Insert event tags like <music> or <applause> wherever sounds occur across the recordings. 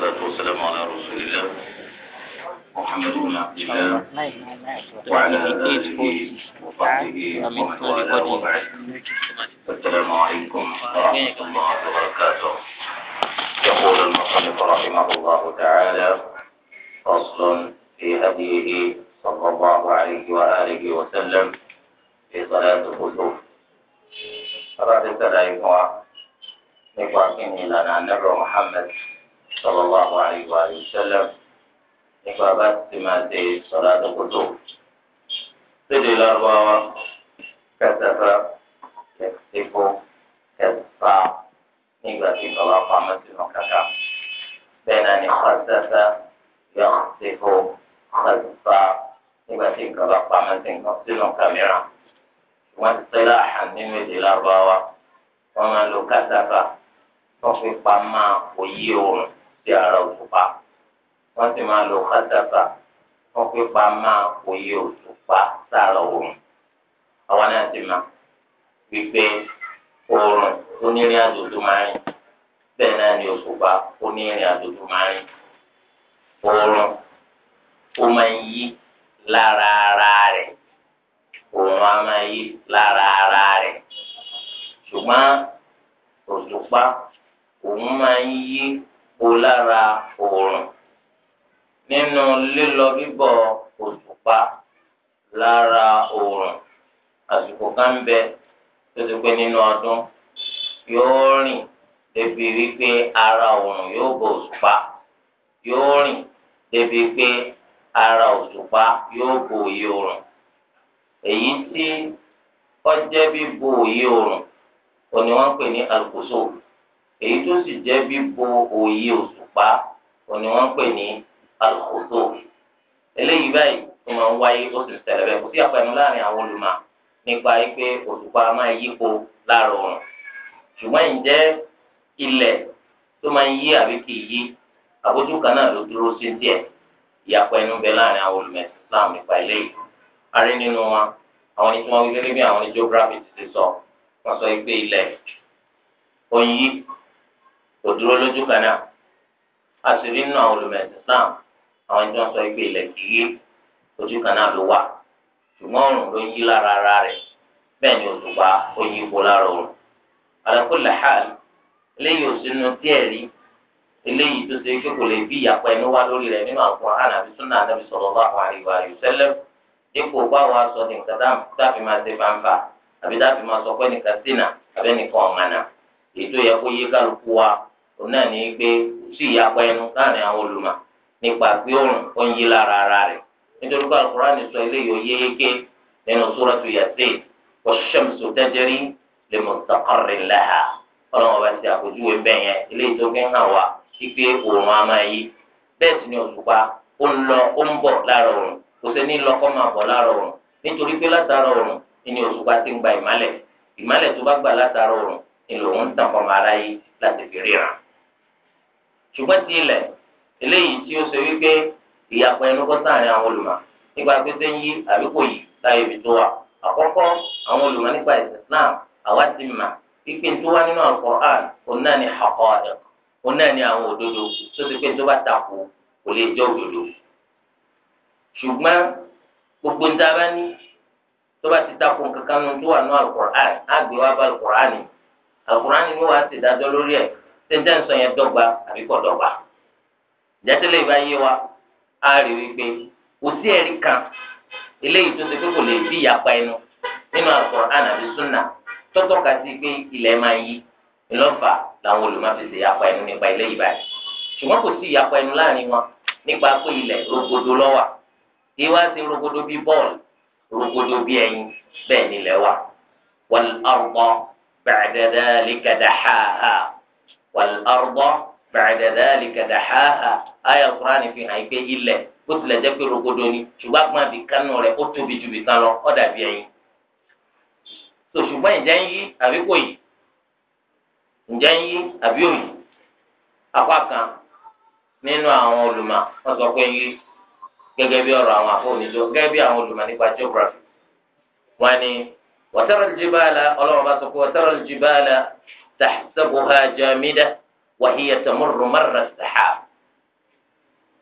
والصلاة والسلام على رسول الله محمد بن عبد الله وعلى آله وصحبه ومن والاه وبعد السلام عليكم ورحمة الله وبركاته يقول المصنف رحمه الله تعالى أصل في هديه صلى الله عليه وآله وسلم في صلاة الخسوف أراد الله عليكم nípa kí ni ìlànà ànábì sallallahu alaihi wa sallam nípa bá ti máa ṣe sọ̀rọ̀ àdókòtò. Sédè lárúbáwá kẹsàfà kẹsìkò kẹsàfà nígbà tí bàbá pamọ́ sínú kàkà. Bẹ́ẹ̀ náà ni kàsàfà yọ̀ọ̀sìkò kàsàfà nígbà tí bàbá pamọ́ sínú kàmírà. Wọ́n ti sẹ́lá àhàmì méjì lárúbáwá. Wọ́n máa lo kàsàfà wọ́n fi pamọ́ òyì oòrùn sí ara òṣùpá wọ́n sì máa lo kásáfà wọ́n pípa máa òye òṣùpá sára òun àwọn náà ti máa wípé oòrùn onírìn àjò tó máa rìn bẹ́ẹ̀ náà ni òṣùpá onírìn àjò tó máa rìn oòrùn ó máa ń yí lára ara rẹ̀ oòrùn á máa yí lára ara rẹ̀ ṣùgbọ́n òṣùpá òun máa ń yí O lára oòrùn nínú lílọ bibo òṣùpá lára oòrùn àsìkò kan bẹ tó ti pé nínú ọdún ara oòrùn yóò bọ òṣùpá yóò rìn débi ara òṣùpá yóò bọ òye oòrùn èyí tí ọjẹ́ bọ òye oòrùn òní wọ́n pè ní alùpùpù. èyí tó sì jẹ́ bíbo òye òṣùpá òní wọ́n ń pè ní alùpùpù eléyìí báyìí ni wọ́n ń wáyé ó sì ṣẹlẹ̀ bẹ́ẹ̀ kò sí àpẹnu láàrin àwọn olùmọ̀ nípa pé òṣùpá máa yípo láàrọ̀ ọ̀run ṣùgbọ́n ǹjẹ́ ilẹ̀ tó máa ń yí àbí kì í yí àbójú kan náà ló dúró sí díẹ̀ ìyàpọ̀ ẹnu bẹ láàrin àwọn olùmẹ̀sì Islam nípa eléyìí a nínú wa àwọn ẹni tí wọ́n àwọn geography ti sọ wọ́n sọ pé ilẹ̀ ó ń yí kò dúró lójú kan náà a sì rí nínú àwọn olùmẹ̀sìn Islam àwọn ìjọ sọ pé ilẹ̀ kì ojú kan ló wà ṣùgbọ́n ọ̀run ló yí lára ara rẹ̀ bẹ́ẹ̀ ni òṣùpá ó yí ipò lára òrùn ala kulli eléyìí ò sínú díẹ̀ rí eléyìí tó ṣe kókò lè bí ìyàpá ẹni wá lórí rẹ̀ nínú àwọn súnà báwo nìkan máa ṣe àbí máa òun náà ní pé sí ìyapa ẹnu láàrin àwọn olùmọ̀ nípa pé òrùn ó ń yí lára ara rẹ̀ nítorí pé alukurani sọ eléyìí ó yéyéké nínú suratu Yasin wash-shamsu tajri li mustaqarrin laha ọlọ́run ọba ti àpèjúwe bẹ́ẹ̀ yẹn eléyìí tó fi ń hàn wá pípé òrùn á máa yí bẹ́ẹ̀ sì ni òṣùpá ó ń lọ ó ń bọ̀ lára òrùn kò sí ní lọ máa bọ̀ lára òrùn nítorí pé látara òrùn ni òṣùpá ti ń gba ìmálẹ̀ ìmálẹ̀ tó bá gbà látara òrùn ni lòun ń tàn kọ́ máa ráyé láti fi ríran ṣùgbọ́n ti ilẹ̀ eléyìí tí ó ṣe wípé ìyàpọ̀ ẹnu kọ́ sáàrin àwọn olùmọ̀ nípa pé ṣé ń yí àbí kò yí láyé ibi tó wà àkọ́kọ́ àwọn olùmọ̀ nípa Islam àwa ti mà pípé tó wá nínú Al-Qur'an òun náà ni haqa'iq òun náà ni àwọn òdodo tó ti pé tó bá takò kò lè jẹ́ òdodo ṣùgbọ́n gbogbo ń dábàá ní tó bá ti takò kankan nínú tó wà nínú Al-Qur'an á gbé wá bá Al-Qur'an ni Al-Qur'an ni wọ́n á ti dájọ́ lórí ẹ̀ ṣẹjẹ ń sọ yẹn dọ́gba àbí kò dọ́gba jẹtẹlẹ ìbáyé wa a rí wípé kò sí ẹ̀rí kan eléyìí tó ṣe pé kò lè fi ìyapa ẹnu nínú Al-Qur'an àbí súnà tọ́tọ́ka sí pé ilẹ̀ máa yí ìlọ́fà làwọn olùmọ̀fẹsẹ̀ ìyapa ẹnu nípa eléyìí báyìí ṣùgbọ́n kò sí ìyapa ẹnu láàrin wọn nípa pé ilẹ̀ rogodo lọ́wà kí wá sí rogodo bíi bọ́ọ̀lù rogodo bíi ẹyin bẹ́ẹ̀ nílẹ̀ wà wal arda ba'da dhalika dahaha wal-arda ba'da dhalika dahaha ayé alukurani fi hàn pé ilẹ̀ bó tilẹ̀ jẹ́ pé rogodo ni ṣùgbọ́n àgbọn àbí kánú rẹ̀ ó tóbi ju bìkan lọ ó dàbí ẹyin. tó ṣùgbọ́n ìjẹ́ ń yí àbí kò yí ìjẹ́ ń yí àbí òyì apá kan nínú àwọn olùmọ̀ wọ́n sọ pé ń yí gẹ́gẹ́ bí ọ̀rọ̀ àwọn àfọwọ́nìjọ gẹ́gẹ́ bí àwọn olùmọ̀ nípa geography wọ́n ní wọ́tẹ́rọ̀ jìbáàlà ọlọ́wọ́n bá sọ pé wọ́tẹ́rọ̀ jìbáàlà تحسبها جامدة وهي تمر مر السحاب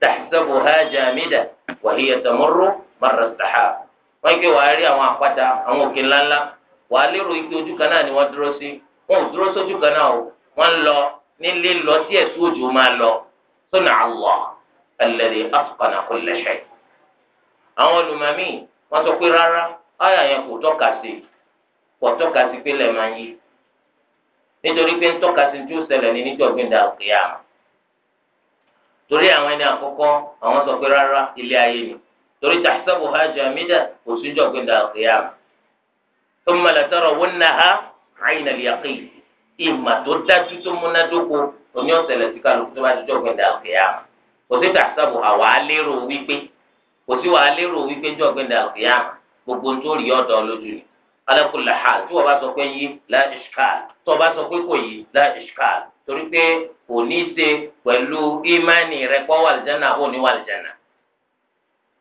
تحسبها جامدة وهي تمر مر السحاب wọ́n ké wàá rí àwọn àpáta àwọn òkè ńláńlá wàá lérò ike ojú kan náà ni wọ́n dúró sí wọn ò dúró sójú kan náà o wọ́n lọ nílé lọ sí ẹ̀sùn òjò máa lọ sọ́nà àwọ̀ alladhi atqana kulla shay. àwọn olùmọ̀mí wọ́n sọ pé rárá ọ̀yà yẹn kò tọ́ka sí kò tọ́ka sí pé lẹ́ẹ̀ máa yí nítorí pé ń tọ́ka sí tí ó ṣẹlẹ̀ ní níjọ́gbìn dà òkèèyà torí àwọn ẹni àkọ́kọ́ àwọn sọ pé rárá ilé ayé ni torí tàṣísàbò ha jàmídà kò sí níjọ́gbìn dà òkèèyà tó ń malẹ̀ tọrọ wọn nà ha àyìnà lìyàkì ìmà tó dájú tó múnádóko oní ọ̀sẹ̀lẹ̀ sí kálukú tó bá ti jọ́gbìn dà òkèèyà kò sí tàṣísàbò àwa lérò wípé kò sí wàá lérò wípé jọ́gbìn dà òkèèyà gbogbo nítorí ọ̀dọ́ lójú ni alákùlà ha tí wọ́n bá sọ pé yí la ishkal tó bá sọ pé kò yí la ishkal torí pé kò ní ṣe pẹ̀lú ìmánì rẹ pọ́ wàlìjánà ó ní wàlìjánà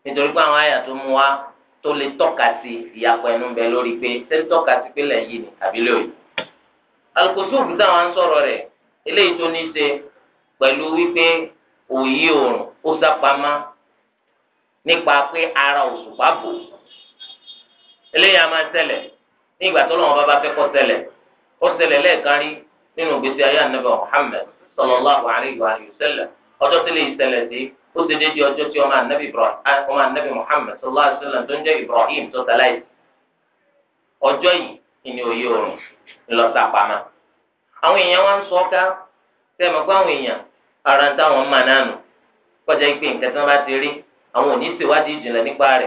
nítorí pé àwọn àyà tó mú wa tó lè tọ́ka sí ìyàpọ̀ ẹnu bẹ lórí pé ṣé ń tọ́ka sí pé lẹ́yìn ni àbí lóyè. alùpùpù òkúta wa ń sọ̀rọ̀ rẹ̀ eléyìí tó ní ṣe pẹ̀lú wípé òye òrùn ó sápamọ́ nípa pé ara òṣùpá bò eléyìí a máa ṣẹlẹ̀ ní ìgbà tó lọ́wọ́ bá fẹ́ kó ṣẹlẹ̀ ó ṣẹlẹ̀ lẹ́ẹ̀kan rí nínú ìgbésí ayé sallallahu alayhi wa sallam ọjọ́ tí lè ṣẹlẹ̀ sí ó ti dé di ọjọ́ tí ọmọ ànábì ọmọ sallallahu alayhi wa sallam tó ń jẹ́ Ibrahim tó ṣaláìsí ọjọ́ yìí òye òrùn àwọn èèyàn ń sọ ara ń táwọn nánu kọjá ìpè bá ti rí àwọn òní nípa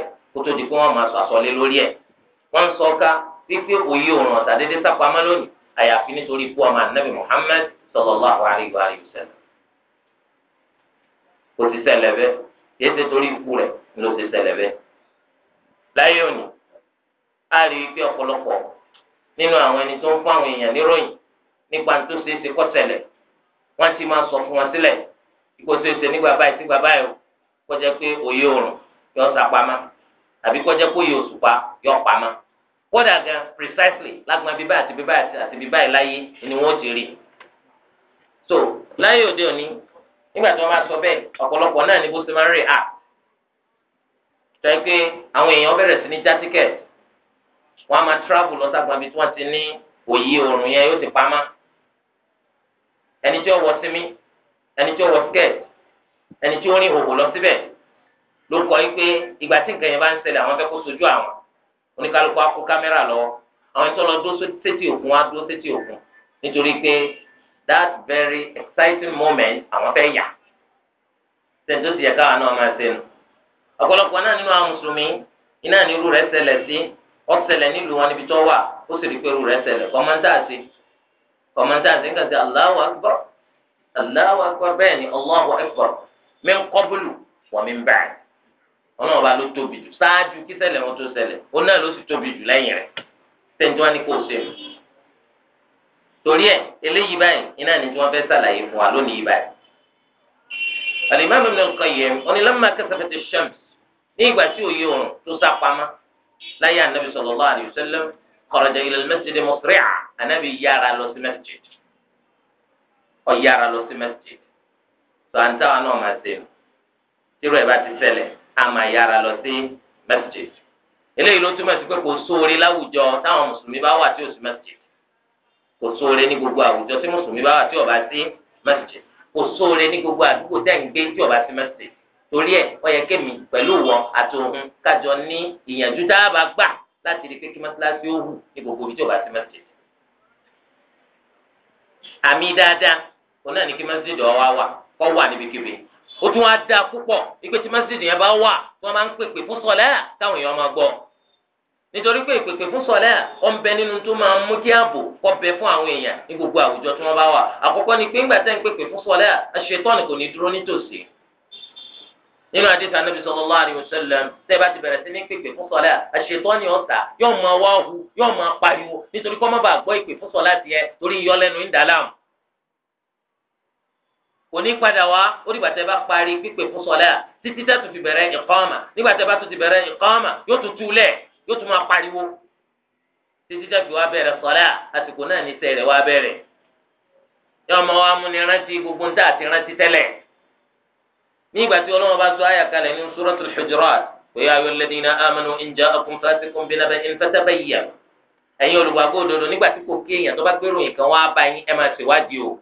wípé òye òrùn ọ̀tàdédé sápamọ́ lónìí àyàfi nítorí ikú ọmọ anabi Muhammad sallallahu alayhi wa sallam kò ti ṣẹlẹ̀ bẹ́ẹ̀ yéé ṣe torí ikú rẹ̀ ló ti ṣẹlẹ̀ bẹ́ẹ̀ láyé òní a rí i pé ọ̀pọ̀lọpọ̀ nínú àwọn ẹni tó ń fún àwọn èèyàn níròyìn nípa tó ṣe é ṣe kó ṣẹlẹ̀ wọ́n ti máa sọ fún wọn sílẹ̀ ikú ṣe é ṣe nígbà báyìí sígbà báyìí kọjá pé òye òrùn yọ sápamọ́ kódà gan precisely lágbọn bíbá àti bíbá àti bíbá ìláyé ni wọ́n ti rí so láyé òde òní nígbà tí wọ́n bá sọ bẹ́ẹ̀ ọ̀pọ̀lọpọ̀ náà ni bó ṣe máa ń rè à ah! tẹ pé àwọn èèyàn bẹ̀rẹ̀ sí ní já tíkẹ̀tì wọ́n á máa travel lọ ságbọn bí tí wọ́n ti ní òyì oòrùn yẹn yóò ti pamá ẹni tí ó wọ sími ẹni tí ó wọ skẹt ẹni tí ó rìn hòhò lọ síbẹ̀ ló kọ yìí pé ìgbà tí nǹkan yẹn bá ń ṣẹlẹ̀ àwọn fẹ́ kó sojú àwọn oníkálukú akó kámẹ́rà lọ́wọ́ àwọn ẹni tó lọ dúró sétí òkun á dúró sétí òkun that very exciting moment àwọn fẹ́ yà sẹ́ni tó ti yẹ káwọn náà máa sẹ́nu ọ̀pọ̀lọpọ̀ náà nínú àwọn mùsùlùmí iná ní irú rẹ̀ ṣẹlẹ̀ sí ó ṣẹlẹ̀ nílùú wọn níbi tó wà ó sì rí pé irú rẹ̀ ṣẹlẹ̀ kọ́mọ́ntàsì kọ́mọ́ntàsì ń kàtí bẹ́ẹ̀ ni ọlọ́run bá ló tóbi jù ṣáájú kí ṣẹlẹ̀ wọn tó ṣẹlẹ̀ ó náà ló sì tóbi jù lẹ́yìn rẹ̀ tẹ̀síwá ni kò ṣe mu. torí ẹ eléyìí báyìí iná ni tí wọ́n fẹ́ ṣàlàyé fún wa lónìí yìí báyìí. Al-Imam Ibn al-Qayyim onílọ́mọ akẹ́sàfẹ́tì shams ní ìgbà tí òye òrùn tó sá pamọ́ láyé anabi sallallahu alayhi wa sallam kharaja ila al-masjid musri'a anabi yára lọ sí masjid a máa yára lọ sí masjid eléyìí ló túmọ̀ sí pé kò sóore láwùjọ táwọn mùsùlùmí bá wà tí ò sí masjid kò sóore ní gbogbo àwùjọ tí mùsùlùmí bá wà tí ò bá sí masjid kò sóore ní gbogbo àdúgbò tẹ̀ ń gbé tí ò bá sí masjid torí ẹ̀ ó yẹ kémi pẹ̀lú wọn àti òun kájọ ní ìyànjú tá a bá gbà láti rí pé kí mọ́tíláṣí ó wù ní gbogbo ibi tí ò bá sí masjid àmì dáadáa òun náà ní kí masjid ọ̀ wá wà kọ́ wà níbikíbi otu tún wá dáa púpọ̀ ìpè tí mẹsídìí yẹn bá wà wọn máa ń pèpè fún sọlẹ táwọn èèyàn máa gbọ́ nítorí pé ìpèpè fún sọlẹ wọn bẹ nínú tó máa mú kí ààbò kọ bẹ fún àwọn èèyàn ní gbogbo àwùjọ tí wọn bá wà àkọ́kọ́ ni pé ńgbà tẹ́ ń pèpè fún kò ní dúró nítòsí nínú tẹ bá ti bẹ̀rẹ̀ sí ní pèpè fún sọlá àṣetọ́ni ọ̀tá yóò máa wá hu yóò máa pariwo nítorí kọ́ òní padà wá ó dìgbà tẹ́ bá parí pípé fún sọlá títí tẹ́ tún fi bẹ̀rẹ̀ ìkọ́ọ̀mà nígbà tẹ́ bá tún ti bẹ̀rẹ̀ ìkọ́ọ̀mà yóò tún túlẹ̀ yóò tún máa pariwo títí tẹ́ fi wá bẹ̀rẹ̀ sọlá àsìkò náà ní sẹ́rẹ̀ wá bẹ̀rẹ̀ yóò máa wá múni rántí gbogbo ń tà àti rántí tẹ́lẹ̀ nígbà tí ọlọ́wọ́n bá sọ àyàkálẹ̀ ní suratul hujurat ya ayyuhal kò kí èèyàn tó bá gbèrò nǹkan wá bá yín ẹ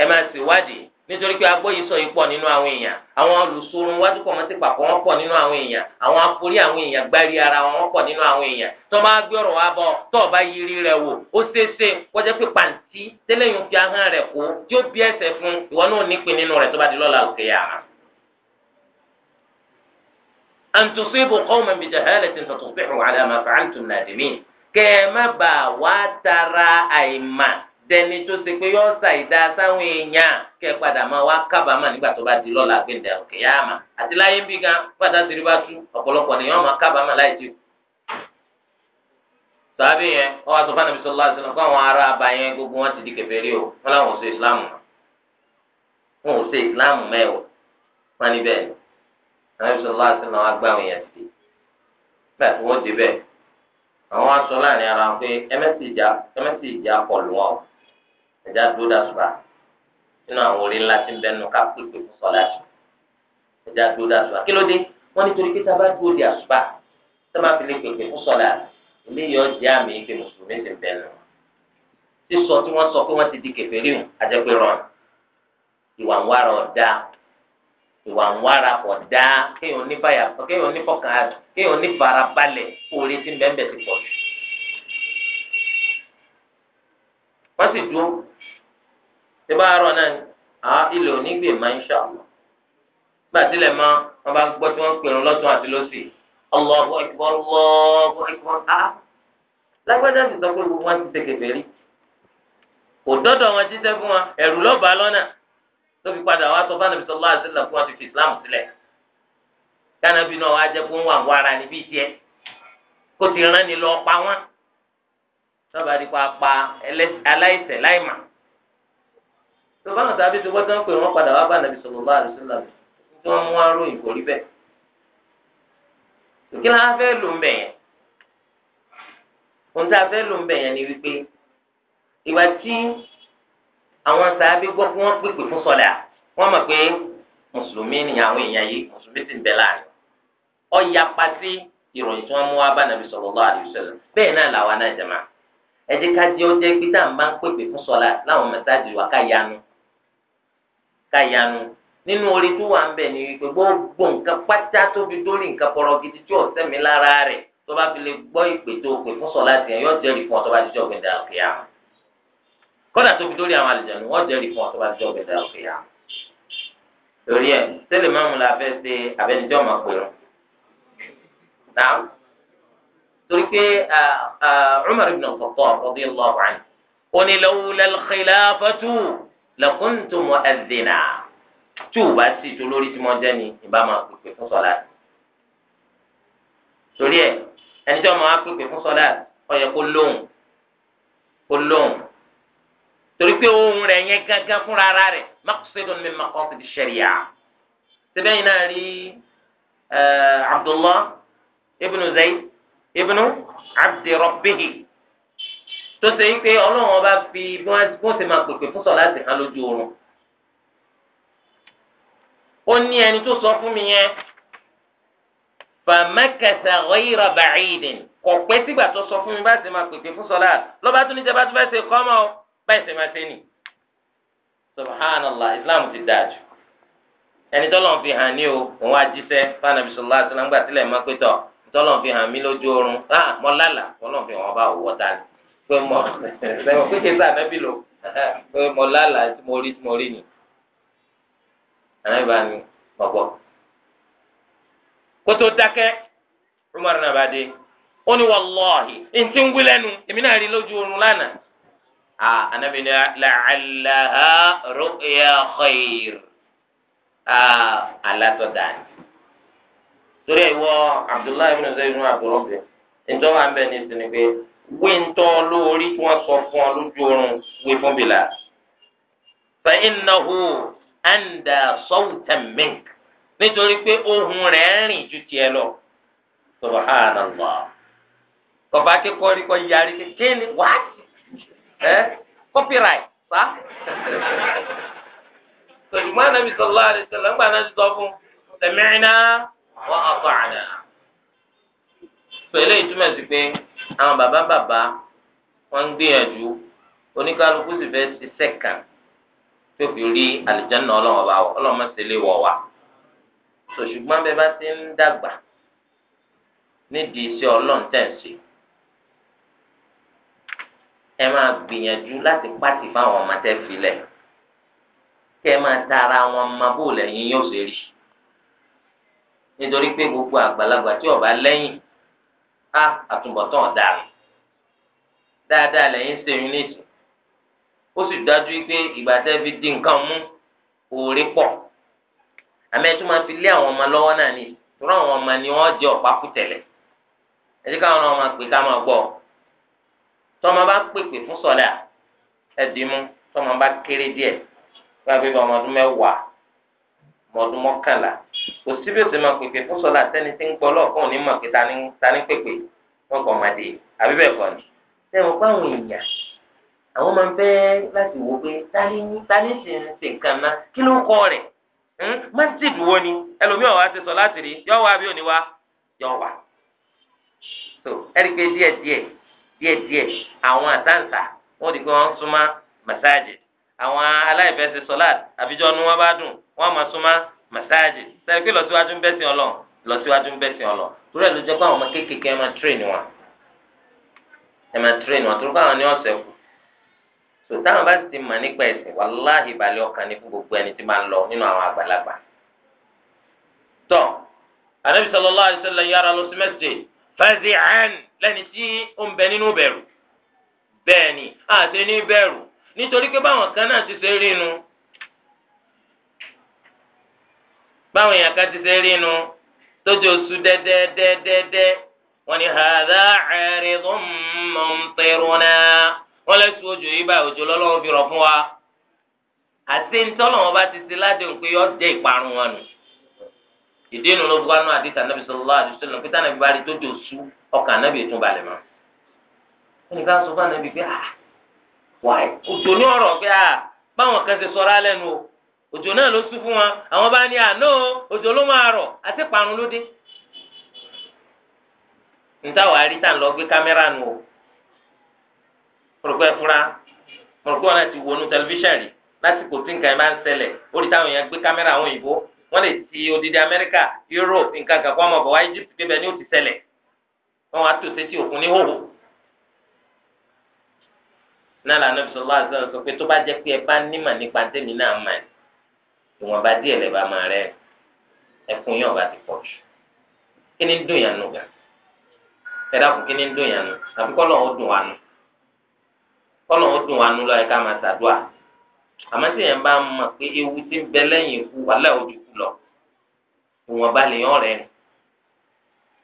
ẹ máa ṣèwádìí nítorí pé agbóyin sọ yìí pọ̀ nínú àwọn èèyàn àwọn olùsọ̀rọ̀ wájú pọ̀ pàpọ̀ wọn pọ̀ nínú àwọn èèyàn àwọn aforí àwọn èèyàn gbárí ara wọn pọ̀ nínú àwọn èèyàn tó bá gbé ọ̀rọ̀ wa bọ̀ tó bá yiri rẹ̀ wò ó ṣeéṣe kọjá pé pàǹtí fi ahọ́n rẹ̀ kó tí ó bí ẹsẹ̀ fún ìwọ náà nípìn nínú rẹ̀ tó bá di lọ́la òkè yà àǹtùsí tẹni tó ṣe pé yọ ọsà ìdá sáwọn èèyàn kẹ padà máa wá kábàámà nígbà tó bá di lọ́la gbẹ̀dẹ̀ òkè yá àmà àti láyé bí gan padà sí ibà tú ọ̀pọ̀lọpọ̀ ni yọ́n máa kábàámà láì jù. sàbí yẹn wọn wá sọ fún anabi sọlá ṣẹlẹ fún àwọn ará aba yẹn gbogbo wọn ti di kèfèrí o wọn làwọn ò ṣe ìsìlámù wọn ò ṣe ìsìlámù mẹwọ wọn ni bẹ́ẹ̀ ni anabi sọlá ṣẹlẹ wọn gbà wọn yẹn ti bẹ́ẹ̀ tí wọn ti bẹ́ẹ̀ àwọn aṣọ láàrin ara wọn pé ẹmẹsì ìjà ẹmẹsì ìjà kọlù wọn o ẹja dúró dàsùbà nínú àwọn orí ńlá tí ń bẹnu ká pèpè fún sọláàtì ẹja dúró dàsùbà kí ló dé wọn nítorí pé tábà dúró di àsùbà sábà fi lè pèpè fún sọláàtì eléyìí ọjà àmì ike mùsùlùmí ti bẹnu sísọ tí wọn sọ pé wọn ti di kèfèrí hùn àjẹpẹ rán ìwà ń wára ọdá ìwà ń wára ọdá kéèyàn oníbàyà kéèyàn onífọkàn kéèyàn onífarabalẹ̀ orí tí bẹ́ẹ̀ bẹ́ẹ̀ ti pọ̀ jù. wọ́n sì dúró ṣé bá rọ náà á ilẹ̀ onígbè máa ń ṣàlọ́ gbàtílẹ̀ mọ́ wọn bá ń gbọ́ tí wọ́n ń pèrún lọ́tún àti lọ́sì Allahu akbar Allahu akbar á lágbájá ti sọ pé gbogbo wọn ti ṣe kèfèrí kò dọ́dọ̀ wọn jíṣẹ́ fún wọn ẹ̀rù lọ́bàá lọ́nà tó fi padà wá sọ fún àdàbìsọ lọ́wọ́ àti sílẹ̀ fún wọn ti fi Islam sílẹ̀ kánábì náà wàá jẹ́ fún wàá wàrà níbí tiẹ̀ kó ti rán ni lọ́ọ́ pa wọn sábàá tó báwọn sábẹ tó bọ́ tán pé wọ́n padà wá bá nàbì sallallahu alaihi wasallam tí wọ́n mú aróyìn kò rí bẹ́ẹ̀. kí láwọn fẹ́ lò ń bẹ̀ yẹn ohun tí a fẹ́ lò ń bẹ̀ yẹn ni wípé ìwà tí àwọn sábẹ gbọ́ fún wọn pèpè fún sọ̀dà wọ́n mọ̀ pé mùsùlùmí ni àwọn èèyàn yìí mùsùlùmí ti ń bẹ láàrin ọ̀ya pàṣẹ ìròyìn tí wọ́n mú wá bá nàbì sallallahu alaihi wasallam bẹ́ẹ̀ náà làwọn náà jẹ máa ẹ jẹ́ káyanu nínú orí tó wà ń bẹ ní wípé gbogbo nǹkan pátá tóbi dórí nǹkan pọrọ gidi tí ọ̀sẹ̀ mi lára rẹ̀ tó bá fi lè gbọ́ ìpè tó pè fún sọ̀lá tiẹ̀ yóò jẹ́rìí fún ọ tó bá jíjọ́ gbẹ̀dẹ̀ àkèyà kódà tóbi dórí àwọn àlùjànnú wọ́n jẹ́rìí fún ọ tó bá jíjọ́ gbẹ̀dẹ̀ àkèyà torí ẹ̀ tẹ́lẹ̀ mọ́mú la fẹ́ ṣe àbẹnijọ́ máa pè rún náà torí pé Umar ibn al-Khattab radiyallahu anhu ó ní lawla al-khilafatu lẹkùntù mọ ẹdínà tí o bá sì tó lórí tí mo jẹ ni ìbá máa pèpè fún sọlá torí ẹ ẹni tí wọn máa pèpè fún sọlá ó yẹ kó lóhùn kó lóhùn torí pé ohun rẹ̀ yẹn gángan fúnra ara rẹ̀ maqsidun min maqasid sharia sẹbẹyìn náà rí eh, Abdullah ibnu Zayd ibnu abdi rabbihi tó ṣe wípé ọlọ́run ọba fi bí wọ́n ṣe máa pèpè fún sọ̀lá ti hàn lójú oorun. ó ní ẹni tó sọ fún mi yẹn fàmákàtà ghayra ba'idin kò pẹ́ sígbà tó sọ fún mi bá ṣe máa pèpè fún sọ̀lá lọ́ba tó ní jẹ́ bá tó fẹ́ ṣe kọ́ ọmọ báyìí ṣe máa ṣe nì. subhanallah islam ti dáa jù ẹni tọ́lọ̀ fi hàn ní o òun ajíṣẹ́ fanabi sọlá àtàlágbà tilẹ̀ mọ́ pé tọ̀ tọ́lọ̀ fi hàn mí lójú oorun ah mọ́lálà tọ́lọ̀ fi hàn ọba òwò dání pé mo sẹ́wọ̀n kékeré sí ànábì lò pé mo lálàá tí mo rí tí mo rí ni ànábì bá ní gbọ̀gbọ̀. kótó dákẹ́ Umar náà bá dé ó ní wàlláhi ntí ń wí lẹ́nu èmi náà rí lójú oorun lánàá. ànábì ní la'allaha ru'ya khair alátọ̀ dání. torí ẹ̀ wọ Abdullahi ibn Zayd ǹjọ́ wa ń bẹ̀ ní sinmi pé wí ń tọ́ lórí tí wọ́n sọ fún ọ lójú oorun wí fún bìlà. fa innahu anda sawtan mink nítorí pé ohun rẹ̀ ń rìn ju tiẹ̀ lọ. subhanallah kọba akẹ́kọ̀ọ́ rí kọ́ yarí kékeré what ẹ copyright sa. sọ̀rọ̀mọ́ anabi sallallahu alaihi wasallam gba anabi sọ fún sami'na wa ata'na. pẹ̀lú ìtumọ̀ sí pé àwọn bàbá bàbá wọn ń gbìyànjú oníkálukú sì fẹ́ ṣiṣẹ́ kan tó fi rí àlìjáná ọlọ́wọ́ bá wọ ọlọ́mọ sì lè wọ̀ wá sọ ṣùgbọ́n bẹ́ẹ̀ bá ti ń dàgbà nídìí iṣẹ́ ọlọ́run tẹ̀sí ẹ máa gbìyànjú láti pàtì fáwọn ọmọ tẹ́ filẹ̀ kẹ́ ẹ máa tara wọn mọ bóòlù ẹ̀yìn yóò ṣe rí nítorí pé gbogbo àgbàlagbà tí ó lẹ́yìn á àtúbọ̀tán ọ̀daràn dáadáa lẹ́yìn sẹ́yìn lẹ́sìn ó sì dájú pé ìgbà tẹ́ fi di nǹkan mú òòrè pọ̀ àmì ẹ̀ tún máa fi lé àwọn ọmọ lọ́wọ́ náà ni tọ́lá àwọn ọmọ ni wọ́n jẹ́ ọ̀pá kùtẹ̀lẹ̀ ẹ jẹ́ káwọn ọmọ pè ká máa gbọ́ tọ́mọ bá pèpè fún sọ̀dà ẹ̀dínmú tọ́mọ bá kéré díẹ̀ bá bí ọmọ ọdún mẹ́wàá ọmọ ọdún mọ́kànlá kò síbi òsì máa pèpè fún sọlá sẹni tí ń gbọ́ lọkàn ní mọ kí tani pèpè wọn kàn máa dé àbí bẹ́ẹ̀ kọ́ ni. o pé àwọn èèyàn àwọn máa ń fẹ́ láti wò pé tani tani sì ń ṣe nǹkan náà kí ló ń kọ́ rẹ̀ hmm? masjid wo ni ẹlòmíràn wa ti sọ láti rí yọ wá bí òní wá yọ wá. so ẹ̀rí pé díẹ̀díẹ̀ díẹ̀díẹ̀ àwọn àtàǹtà wọ́n di pé wọ́n súnmọ́ masajid àwọn aláìfẹsẹ̀ sọlá àbíjọ́ nu wọn bá dùn wọ́n máa súnmọ́ masaji sẹ́yìn pé lọ́síwájú ń bẹ́sìn ọlọ́run lọ́síwájú ń bẹ́sìn ọlọ́run torí ẹ̀ ló jẹ́ pé àwọn ọmọ kéékèèké ẹ máa tírèènì wọn ẹ máa tírèènì wọn torí káwọn ní ọ̀sẹ̀ kù tó táwọn bá ti mọ̀ nípa ẹ̀sìn wàláhì balẹ̀ ọkàn ní fún gbogbo ẹni tí máa ń lọ nínú àwọn àgbàlagbà. tọ́ anabi sallallahu alaihi wasallam yára lọ sí masjid fazi'an lẹ́ni tí ó ń bẹ nínú bẹ̀rù bẹ́ẹ̀ ni àti ní bẹ̀rù nítorí pé báwọn kan náà ti ṣe rí inú báwọn èèyàn kan ti ṣe rí nu tójú oṣù dẹ́dẹ́dẹ́dẹ́dẹ́ wọ́n ní hadha aridun mumtiruna wọ́n lẹ́sùn ojú yìí báyìí òjò lọ́lọ́run fi rọ̀ fún wa àti ntọ́lọ́wọ́n bá ti ṣe ládùn pé yọ jẹ́ ìparun wọn nù ìdí nu ló bu wánú àdìtà nàbì sallallahu alaihi wasallam pété nàbì bá rí tójú oṣù ọkàn nàbì ma. balẹ̀ mọ́ sọ fún pé ah ọ̀rọ̀ pé ah báwọn kan òjò náà ló sún fún wọn àwọn bá ní àná òjò ló máa rọ̀ àti parun ló dé. níta wàá rí tá à ń lọ gbé kámẹ́rà nù o pòròpẹ́ fúra náà ti wọnú tẹlifíṣàn rí lásìkò tí nǹkan bá ń ṣẹlẹ̀ ó rí táwọn èèyàn gbé kámẹ́rà àwọn òyìnbó wọ́n lè ti odidi Amẹ́ríkà Europe nǹkan kan kó ọmọ bọ̀ wá Egypt débẹ̀ ni ó ti ṣẹlẹ̀ wọ́n wá tó sétí òkun ní hòhò náà lànà bisalòlá àti ọsọ pé tó bá jẹ́ pé ẹ bá nímọ̀ nípa tèmi náà mà ní ìwọ̀n bá díẹ̀ lẹ́bàá máa rẹ ẹkún yẹn ọba ti pọ̀ jù kí ni ń dùn yàn nù gà ẹ̀dá kù kí ni ń dùn yàn nù àbí kọ́ lọ́wọ́ dùn wà nù kọ́ lọ́wọ́ dùn wà nù lọ́ọ́ ẹ̀ká máa ṣàdúà àmọ́ tí yẹn bá mọ̀ pé ewu ti ń bẹ lẹ́yìn ikú wàhálà ojú kù lọ ìwọ̀n lè yàn rẹ̀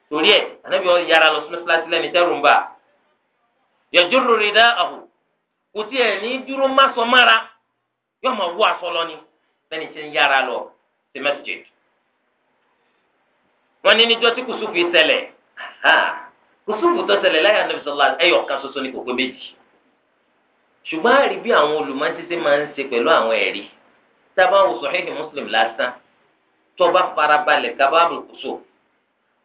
torí ẹ̀ ànábì wọn yára lọ sínú fúláṣí lẹ́ni tẹ́rù ń bà yọjú rúri dá àhù kò tí ẹ̀ ní dúró má sọ mára yọ wú aṣọ lọ ni sẹ́ni tí ń yára lọ sí masjid. wọ́n ní níjọ́ tí kùsùfù ṣẹlẹ̀ kùsùfù tó ṣẹlẹ̀ láyà Ànábì sallallahu alaihi wasallam ẹyọ kan ṣoṣo ní kò pé méjì. ṣùgbọ́n àrí bí àwọn olùmọ́títí máa ń ṣe pẹ̀lú àwọn ẹ̀rí tábà wò Sahih Muslim lásán tọ́ba farabalẹ̀ kábàbù kùsùfù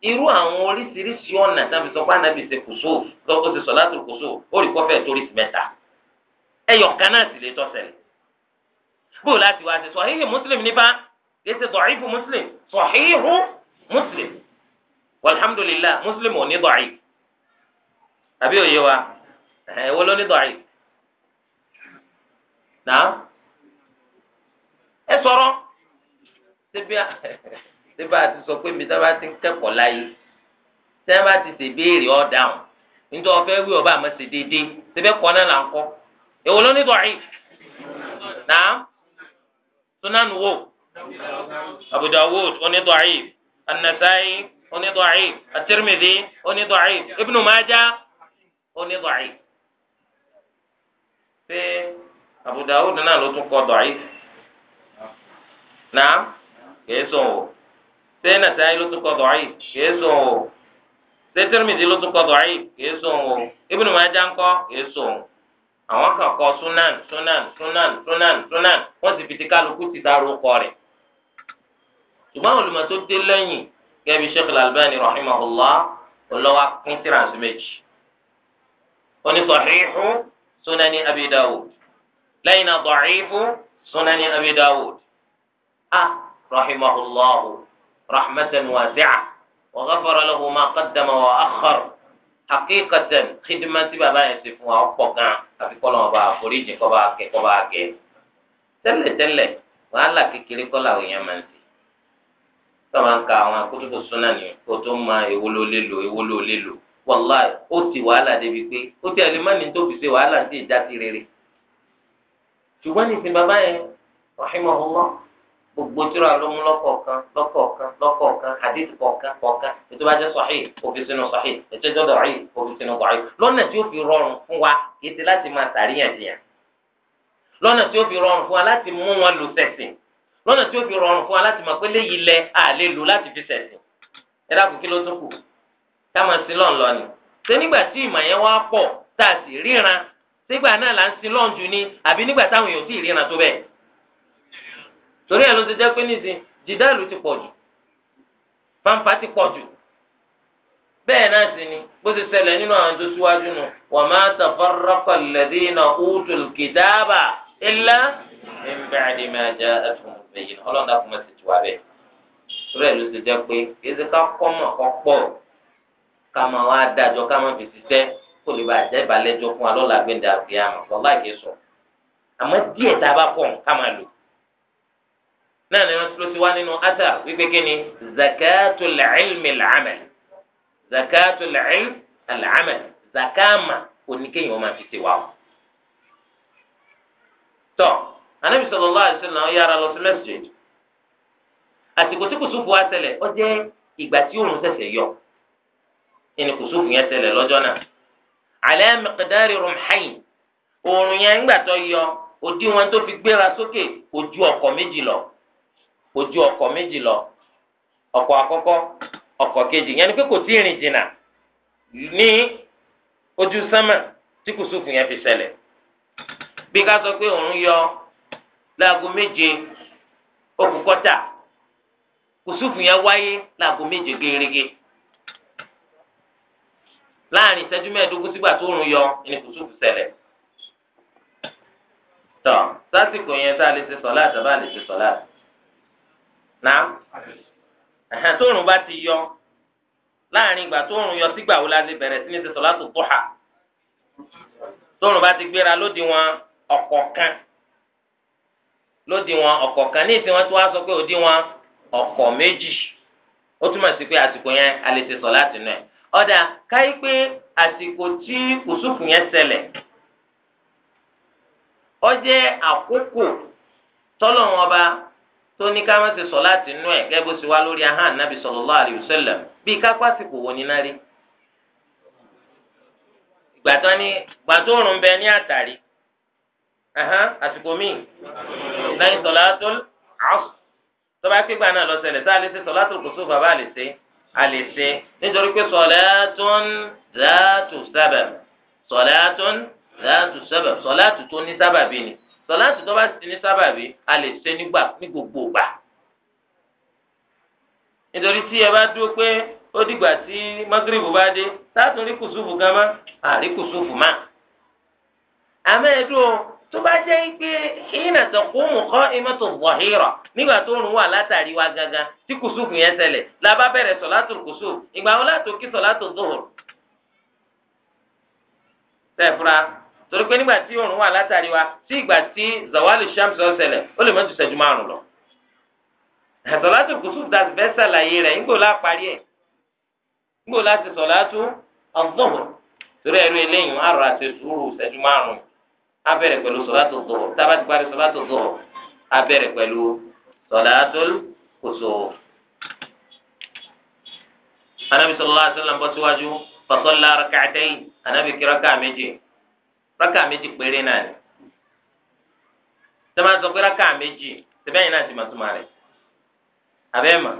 irú àwọn oríṣiríṣi ọ̀nà tàbí sọ́kọ́ ànábì ṣe kùsùfù lọ́kọ́ ṣe sọ̀látù kùsùfù ó rí kọ́fẹ́ torí mẹ́ta ẹyọ kan náà sì lè tọ́ bó láti wá sí sọ̀híhì muslim n'i kéṣe dọ̀ífù muslim sọ̀híhù muslim walhamdulillah muslim ò ní dọ̀ífù àbí òye wa ló ní ẹ sọ̀rọ̀ <laughs> sunan wo Abu Dawud oní da'if An-Nasa'i oní da'if At-Tirmidhi oní da'if Ibn Majah oní da'if ṣé Abu Dawud náà ló tún kọ da'if náà kìí sùn o ṣé Nasa'i ló tún kọ da'if kìí sùn o ṣé Tirmidhi ló tún kọ da'if kìí sùn o Ibn Majah ńkọ́ kìí sùn o àwọn kan kọ sunan sunan sunan sunan sunan wọ́n sì fi ti kálukú ti dárò kọ rẹ̀ ṣùgbọ́n olùmọ̀ tó dé lẹ́yìn gẹ́bí sheikh al-Albani rahimahullah olówó pín tíransi méjì onísọ̀híhù sunani abi dawud lẹ́yìn náà dọ̀híhù sunani abi dawud ah rahimahullahu rahmatan wasi'a wa ghafara lahu ma qaddama wa akhar haqiqatan khidmati baba yẹn fún wa ọ̀pọ̀ gan àfi kọ́ lọ́wọ́ bá àforíjì kọ́ bá kẹ́ kọ́ bá gẹ́ tẹ́lẹ̀ tẹ́lẹ̀ wàhálà kékeré kọ́ làwọn èèyàn máa ń ti tọ́wọ́ máa ń ka àwọn akótótó súnà ní kó tó máa èwo ló lè lò èwo ló lè lò wàláì ó ti wàhálà débi pé ó ti àlè má tó fi ṣe wàhálà sí ìjà ti rere ṣùgbọ́n ní ìsìn bàbá yẹn rahimahullah gbogbo tíra ló mú lọ́kọ̀ọ̀kan lọ́kọ̀ọ̀kan lọ́kọ̀ọ̀kan àdéhùn kọ̀ọ̀kan kọ̀ọ̀kan ètò bá jẹ́ sahih òfi sínú sahih ètò ìjọ da'if òfi sínú da'if lọ́nà tí ó fi rọrùn fún wa kì í ti láti máa sàríyànjiyàn lọ́nà tí ó fi rọrùn fún wa láti mú wọn lò sẹ̀sìn lọ́nà tí ó fi rọrùn fún wa láti mọ̀ pé léyìí lẹ àlè lò láti fi sẹ̀sìn ẹ dákun kí ló torí ẹ̀ ló ti jẹ́ pé nísìn jìdáàlù ti pọ̀ jù fanfa ti pọ̀ jù bẹ́ẹ̀ náà sì ni bó ti ṣẹlẹ̀ nínú àwọn tó síwájú nù wa ma tafarraqa alladhina utul kitaba illa min ba'di ma ja'atuhum al-bayyinah ọlọ́run dàkú mọ́ sí tiwa bẹ́ẹ̀ torí ẹ̀ ló ti jẹ́ pé èsì ká kọ́ mọ̀ kọ́ pọ̀ ká máa wá dájọ́ ká máa fi ṣiṣẹ́ kó lè bá àjẹ́ ìbàlẹ́jọ́ fún alọ́làgbẹ́ndà àgbẹ̀ àmọ̀ náà ni wọn tó ti wá nínú ata wípé kí ni zakatu lẹ́ẹ̀lmi làámẹ̀ zakatu lẹ́ẹ̀lmi làámẹ̀ zakama oníkéyìn wọn máa fi ṣe wá o. tọ́ anabi sallallahu alaihi wasallam yára lọ sí mẹ́sìgìdì àsìkò tí kùsùfù wá ṣẹlẹ̀ ó jẹ́ ìgbà tí òòrùn ṣẹ̀ṣẹ̀ yọ ẹni kùsùfù yẹn ṣẹlẹ̀ lọ́jọ́ náà ala miqdari rumhayn òòrùn yẹn ń gbà tó yọ òdiwọ̀n tó fi gbéra sókè ojú ọkọ̀ méjì lọ ojú ọkọ̀ méjì lọ ọkọ̀ àkọ́kọ́ ọkọ̀ kejì yẹn ni pé kò tí ì rìn jìnnà ní ojú sánmà tí kùsùfù yẹn fi ṣẹlẹ̀ bí ká sọ pé òun yọ láago méje okùnkọ́tà kùsùfù yẹn wáyé láago méje gérégé láàrin ìṣẹ́jú mẹ́ẹ̀ẹ́dógún sígbà tó òun yọ ni kùsùfù ṣẹlẹ̀ tọ́ sásìkò yẹn tá a lè ṣe sọ́láàtì bá lè ṣe sọ́láàtì náà tóòrùn bá ti yọ láàrin ìgbà tóòrùn yọ sígbà wo la ti bẹ̀rẹ̀ sí ní ṣe sọ̀látù dúhà tóòrùn bá ti gbéra lódì wọn ọ̀kọ̀ọ̀kan lódì wọn ọ̀kọ̀ọ̀kan ní ìsìn wọn tí wọ́n sọ pé òdì ọ̀kọ̀ méjì ó túmọ̀ sí pé àsìkò yẹn a lè ṣe sọ̀látù náà ọ̀dà káyí pé àsìkò tí kùsùfù yẹn ṣẹlẹ̀ ó jẹ́ àkókò tọ́lọ́run ọba tó ní ká má ti sọ láti nú ẹ gẹ́gẹ́ bó ti wá lórí ahán nàbì sallallahu alayhi wa sallam bíi kápá sì kò wọ níná rí ìgbà tó ní ìgbà tó rùn bẹ ní àtàrí àsìkò míì lẹ́yìn salatul asr tọba kígbà náà lọ ṣẹlẹ̀ tá lè ṣe salatul kusuf bàbá a lè ṣe a lè ṣe nítorí pé salatun zatu sabab salatun zatu sabab salatu tó ní sábàbí ni sọláàtì tó bá ti ní sábàbí a lè ṣe nígbà ní gbogbo gbà nítorí tí ẹ bá dúró pé ó dìgbà tí mọ́gírìbù bá dé sátún rí kùsùfù gan mọ́ àrí kùsùfù má àmọ́ ẹ̀dùn tó bá jẹ́ pé ìyínà tó kó mú kọ́ ìmọ̀tò wọ̀hírọ̀ nígbà tó rùn wà látàrí wa gangan tí kùsùfù yẹn ṣẹlẹ̀ làbá bẹ̀rẹ̀ sọ̀látò kùsùfù ìgbà wo látò kí sọ̀látò dùhùr. sẹ́fúra torí pé nígbà tí òòrùn wà látàrí wa sí ìgbà tí zawali shams ó ṣẹlẹ̀ ó lè mọ́tò ṣẹ́jú márùn lọ. àtọ̀látò kùsùn dàtí fẹ́ sàlàyé rẹ̀ ńgbò lá parí ẹ̀ ńgbò láti sọ̀látò ọ̀gbọ̀n torí ẹ̀rú eléyìí á rọra ṣe sùúrù ṣẹ́jú márùn á bẹ̀rẹ̀ pẹ̀lú sọ̀látò dùhùr tábà ti parí sọ̀látò dùhùr á bẹ̀rẹ̀ pẹ̀lú sọ̀látò kùsùn. anábì sọ̀lá raka méjì péré náà ni sọ́mà sọ pé rákà méjì sẹ́bẹ̀yìn náà ti máa túmọ̀ rẹ̀ abẹ́ẹ̀ mà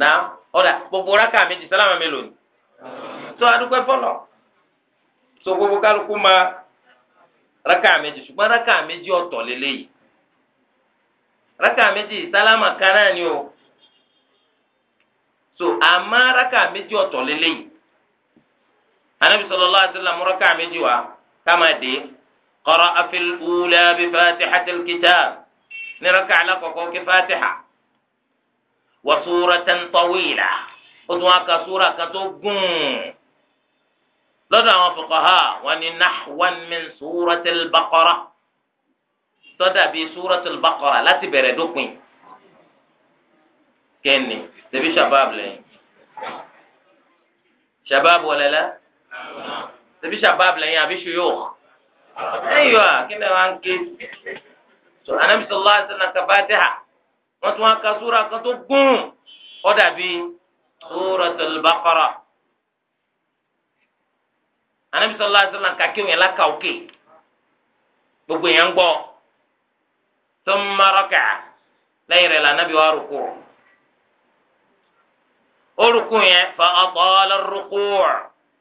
ná ọ̀dà gbogbo rákà méjì sálámà mélòó ni tó adúpẹ́ fọlọ́ sọ gbogbo kálukú máa rákà méjì ṣùgbọ́n méjì ọ̀tọ̀ lélẹ́yìí méjì sálámà ni o so àmọ́ raka méjì ọ̀tọ̀ lélẹ́yìí Ànábì sallallahu alaihi wasallam raka méjì wa. tamade kọrọ afil wula bi fatiha til kitab nira kacla kọ́kọ́ ki fatiha wa suuratan tawila o tún wá ka suura kan tó gùn lọ́dọ̀ àwọn fuqaha wọ́n ní nahwan min suuratil baqara tó dà bí suuratil baqara láti bẹ̀rẹ̀ dópin kẹ́ni tẹ̀bí shabab lẹ́yìn shabab wọlé la. tẹbi shabab lẹ́yìn àbí shuyukh ẹyọ akínlẹ wa ń ké so anabi sallallahu alaihi wasallam kabatiha wọn tún wá ka súra kan tó gùn ó dàbí suratul baqara anabi sallallahu alaihi wasallam kakéwìn yẹn láka òkè gbogbo yẹn ń gbọ́ thumma raka'a lẹ́yìn rẹ̀ lànà bí wàá rúkú ó rúkú yẹn fa atala rúkú.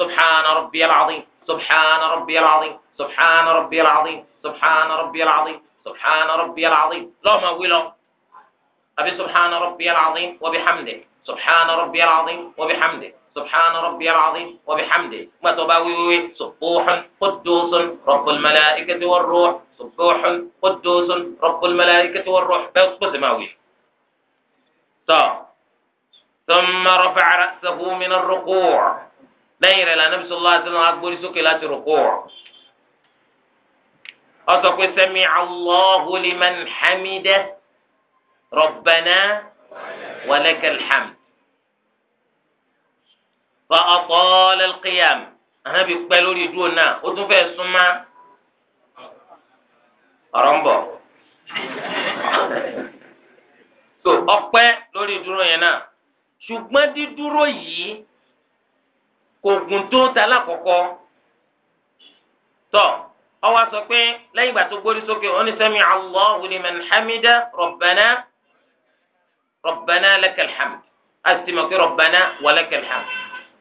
سبحان ربي العظيم سبحان ربي العظيم سبحان ربي العظيم سبحان ربي العظيم سبحان ربي العظيم لهم أولهم أبي سبحان ربي العظيم وبحمده سبحان ربي العظيم وبحمده سبحان ربي العظيم وبحمده ما تباوي سبوح قدوس رب الملائكة والروح سبوح قدوس رب الملائكة والروح بس ماوي ثم رفع رأسه من الركوع lẹ́yìn rẹ̀ lànà bisalòlá àtẹnà agbórí sókè láti rúkú ọ. ọsọ pé sami allahu liman hamida rabbana walakal hamd. fa atala alqiyam anabi pẹ́ lórí dúró náà ó tún fẹ́ súnmọ́ ọ̀rọ̀ ń bọ̀ so lórí dúró yẹn náà ṣùgbọ́n dídúró yìí kò gùn tó ta lákọ̀ọ́kọ́ tọ́ ó wá sọ pé lẹ́yìn ìgbà tó gbórí sókè ó ní sami'a Allahu liman hamida rabbana rabbana lakal hamd asitimọ̀ pé rabbana wa lakal hamd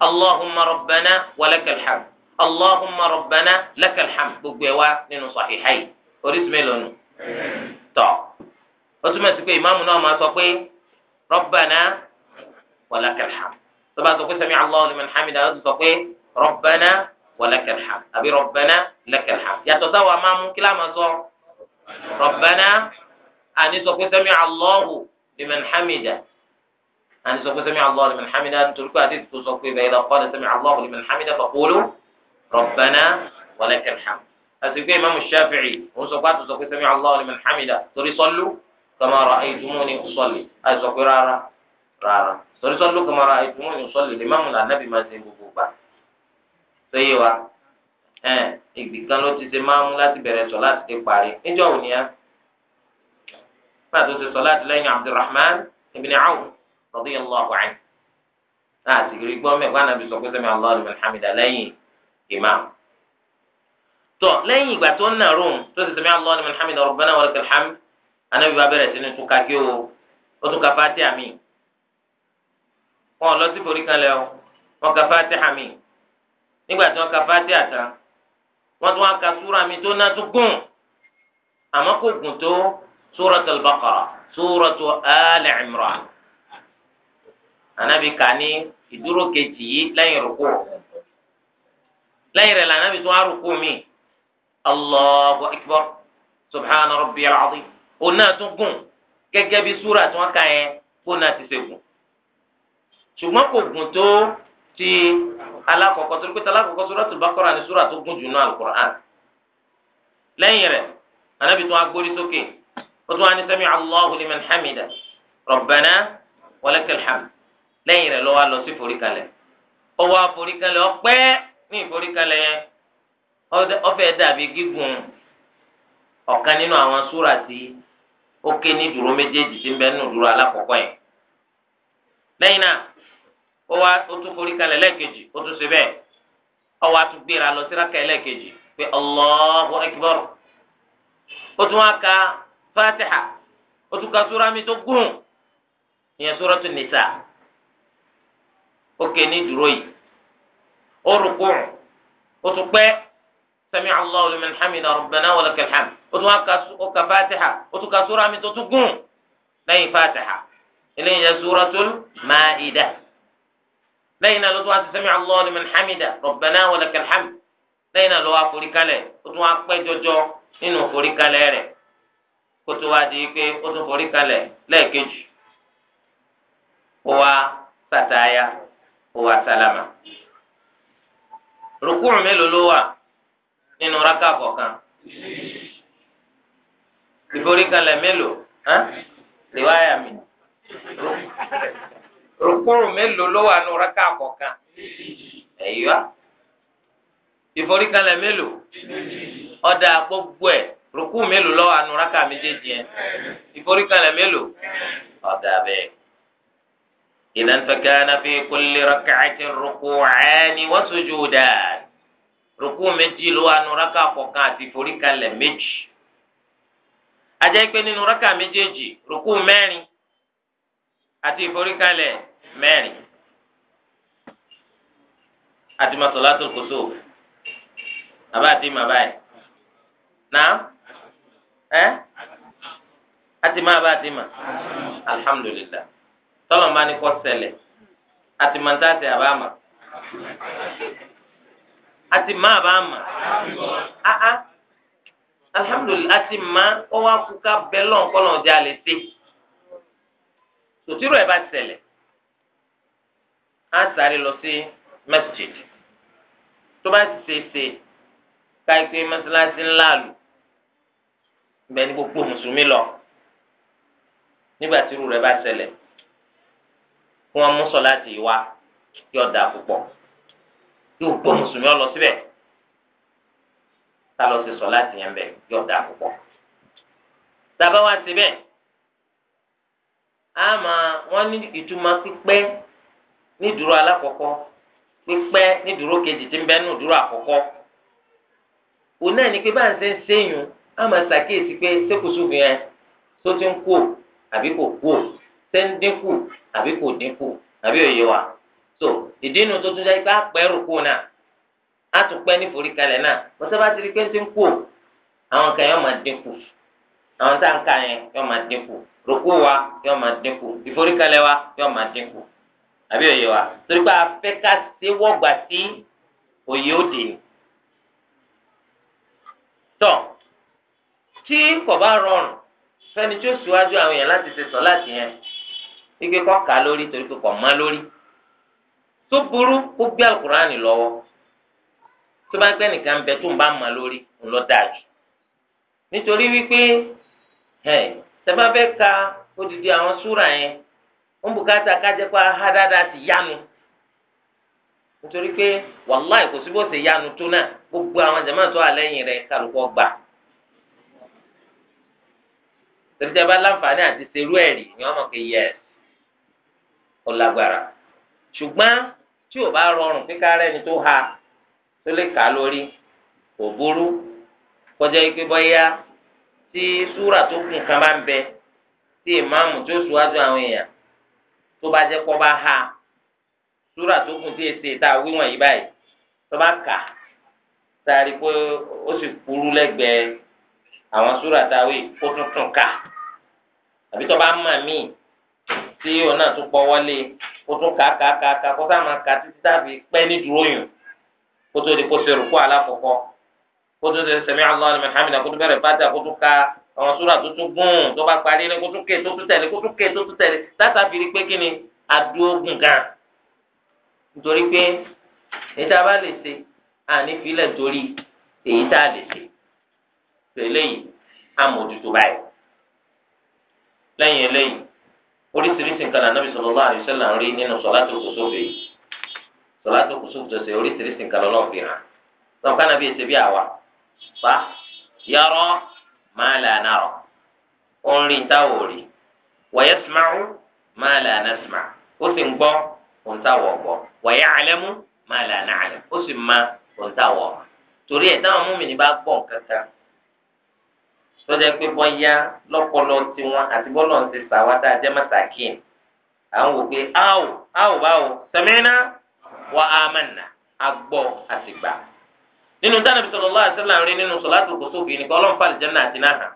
allahumma rabbana wa lakal hamd allahumma rabbana lakal hamd gbogbo ẹ̀ wá nínú Sahihayn oríṣi mélòó nù tọ́ ó túmọ̀ sí pé ìmáàmù náà máa sọ pé rabbana wa طبعا تقول سميع الله لمن حمد أرد تقول إيه؟ ربنا ولك الحمد أبي ربنا لك الحمد يتساوى أمام كلام أزور ربنا أن تقول سميع الله لمن حمد أن تقول سميع الله لمن حمد أن تركوا أديد تسوكي فإذا قال سميع الله لمن حمد فقولوا ربنا ولك الحمد أسيكي إمام الشافعي ونسوكات تسوكي سميع الله لمن حمد تري صلوا كما رأيتموني أصلي أسوكي رارا رارا torí sọ́lù kò mara ìtumọ̀ ní sọ́lù lè máàmù là nábì máa ṣe gbogbo gbà sẹ́yìn wa ẹ̀ ìgbìkan ló ti ṣe máàmù láti bẹ̀rẹ̀ sọ láti dé parí níjọ́ òní ya pàtó ṣe sọ láti lẹ́yìn Abdurrahman ibn Awf radiyallahu anhu láti rí gbọ́ mẹ́gbà nàbí sọ pé sẹ́mi Allahu liman hamida lẹ́yìn ìmáàmù tọ́ lẹ́yìn ìgbà tó ń nà rome tó ṣe sẹ́mi Allahu liman hamida rabbana wa lakal wọn lọ sí forí kalẹ̀ o wọn ka fatiha mi nígbà tí wọn ka fatiha ta wọn tún wọn ka súra mi tó náà tún gùn àmọ́ kò gùn tó suratul baqara suratu ali imran anabi kà ní ìdúró kejì yìí lẹ́yìn rúkú lẹ́yìn rẹ̀ lànà bí tún arúkú mi allahu akbar subhana rabbiyal azim òun náà tún gùn gẹ́gẹ́ bí súra tí wọn kà yẹn kó náà ti ṣe gùn ṣùgbọ́n kò gùn tó ti alákọ̀ọ́kọ́ torí pé alákọ̀ọ́kọ́ Suratul Baqara ni sura tó gùn jù nínú Al-Qur'an lẹ́yìn rẹ̀ anábì tún agbórí sókè ó tún wá ní sami'a Allahu liman hamida Rabbana walakal hamd lẹ́yìn rẹ̀ lọ́wọ́ lọ sí foríkalẹ̀ ó wá foríkalẹ̀ ọpẹ́ ní ìforíkalẹ̀ yẹn dàbí gígùn ọ̀kan nínú àwọn súrà tí ó ké ní dúró méjèèjì tí ń bẹ nínú dúró alákọ̀ọ́kọ́ yẹn lẹ́yìn náà ó wá ó tún forí kalẹ̀ lẹ́ẹ̀kejì ó tún ṣe bẹ́ẹ̀ ó wá tún gbéra lọ sí rákà lẹ́ẹ̀kejì pé Allahu Akbar ó tún wá ka fatiha ó tún ka súra mi tó gùn ìyẹn Suratun Nisa ó ké ní dúró yìí ó rúkú ó tún pẹ́ sami'a Allahu liman hamida rabbana wa lakal hamd ó wá ka fatiha ó ka súra mi tó tún gùn lẹ́yìn fatiha eléyìí yẹn Suratul Ma'idah lẹ́yìn náà ló tún wá ti sami'a Allahu liman hamida rabbana wa lakal hamd lẹ́yìn náà ló wá forí kalẹ̀ ó tún wá pẹ́ jọjọ nínú forí kalẹ̀ rẹ̀ kó tó wá di pé ó tún forí kalẹ̀ lẹ́ẹ̀kejì ó wá sàtáyà ó wá sálámà rukuu mélòó ló wà nínú raka kọ̀ọ̀kan ìforí kalẹ̀ mélòó riwaya mi. rukpuru melo lo wa nu raka akoka iforikale melo ọdà gbogbo ẹ rukpu melu lo wa nu raka mejeji ẹ iforikale melo ọdà bẹẹ idan fakana fi kulli rakacin rukpu caani wasu juuda rukpu meji lo wa nu raka akoka ati iforikale meji ajayi pe ninu raka mejeji rukpu mẹrin ati iforikale. mẹ́rin àti masalatul kusuf àbá àti màbá yìí náà ẹ àti má àbá àti mà alhamdulillah tọ́lọ̀mbá ni kọ́ sẹlẹ̀ àti màtáàtì àbá mà àti má àbá mà áá ah, ah. alhamdulillah àti má ó wá kú ká bẹ́lọ̀ ńkọ́lọ̀ ọjà lè ṣe ẹ̀ bá sẹlẹ̀ á sáré lọ sí masjid tó bá ti ṣeéṣe káyipé mọ́sálásí ńlá lù bẹ́ẹ̀ ni gbogbo mùsùlùmí lọ nígbà tí irú rẹ̀ bá ṣẹlẹ̀ kí wọ́n mú sọ láti wá kí ọ̀dà púpọ̀ kí gbogbo mùsùlùmí ọ lọ síbẹ̀ tá lọ sí sọ láti yẹn bẹ̀ kí ọ̀dà púpọ̀ tàbá wá síbẹ̀ àmọ́ wọ́n ní ìtumọ̀ pípẹ́. ní dúró alákọ̀ọ́kọ́ pípẹ́ ní dúró kejì tí ń bẹ nù dúró àkọ́kọ́ òun náà ni pé bá ń ṣe ń séyùn á máa ṣàkíyèsí pé sékùsù yẹn tó ti ń kú àbí kò kú ṣé ń dínkù àbí kò dínkù àbí òye wa so ìdínú tó tún jẹ́ pé àpẹẹrù kù náà á tún pẹ́ ní foríkalẹ̀ náà wọ́n sábà ti rí pé ti ń kú àwọn kan yóò máa dínkù àwọn àbí òye wa torí pé afẹ́ ká ṣe wọ́gbà sí òye òde ni. tọ́ tí kò bá rọrùn fẹ́ni tí ó ṣíwájú àwọn èèyàn láti ṣe sọ láti yẹn ike kọ́ kà lórí torí pé kò mọ́ lórí tó burú kó gbé àlùkùránì lọ́wọ́ tó bá gbẹ́ nìkan bẹ tó ń bá mọ́ lórí ń lọ dáa nítorí wípé ẹ̀ tẹ́ bá fẹ́ ka odidi àwọn súra yẹn ń bùkátà kájẹ́ pé aha dáadáa ti yánu nítorí pé wàláì kò sí bó ṣe yánu tó náà gbogbo àwọn jàmáà tó àlẹ́yìn rẹ̀ kálukú ọgbà tẹ̀síjẹ́ láǹfààní àti serú ẹ̀rí ni wọ́n mọ̀ pé yẹ ọ lágbára ṣùgbọ́n tí ò bá rọrùn pé kárẹ́ ni tó ha tó lè kà lórí kò burú kọjá ike bọ́yá tí súrà tó kù kan bá ń bẹ tí ìmáàmù tó sùn àwọn èèyàn tó bá jẹ́ kó bá ha súrà tó kù tí èsì tá a wíwọ̀n yìí báyìí tó bá kà sáré pé ó sì kúrú lẹ́gbẹ̀ẹ́ àwọn súrà tá a wí kó tuntun kà àbí tó bá mọ̀ míì tí òun náà tún pọ̀ wọlé kó tún kà kà kà kà kó sáà máa kà títí táàbí pẹ́ ní dúró kó tó di kó ṣe aláfọ̀kọ́ kó tó di sami'a Allahu liman hamidah kó tó bẹ̀rẹ̀ bá dà kó tó ka àwọn súrà tó tún gùn tó bá parí ní kótó ké tó tún tẹ̀lé kótó ké tó tún tẹ̀lé táta fi rí pé kí ni adúógùn gan nítorí pé èyí tá a bá lè ṣe àní filẹ̀ torí èyí tá a lè ṣe tẹ̀lé yìí amòtútù báyìí lẹ́yìn eléyìí oríṣiríṣi nǹkan lànà bíi sallallahu alaihi wasallam rí nínú sọ̀látò kùsùfù yìí sọ̀látò kùsùfù tó ṣe oríṣiríṣi nǹkan lọ́lọ́ fi hàn lọ́nkánná bíi ṣe bí àwa pa yàrá máa là nàrọ ó ń rí táwọn ò rí wọ̀yẹ́ sùmáwó máa là nà sùmá ó sì ń gbọ́ ohun táwọn ò gbọ́ wọ̀yẹ́ àlẹ́mú máa là nà àlẹ́ ó sì ma ohun táwọn ò mọ̀ torí ẹ̀ táwọn múmìnì bá gbọ́ kankan sọjá pé bọ́yá lọ́pọlọ tiwọn àti bọ́lọ̀ ń ti sàwádà jẹ́ mọ́sàkín à ń wò pé áwò áwò báwò sẹ̀mínà wà á mẹ́nà agbọ́ àtìgbà nínú tánàbí sallallahu alaihi wasallam rí nínú sọ̀látù kùsùfù nìkan ọlọ́run fi àlìjánà àti náà hàn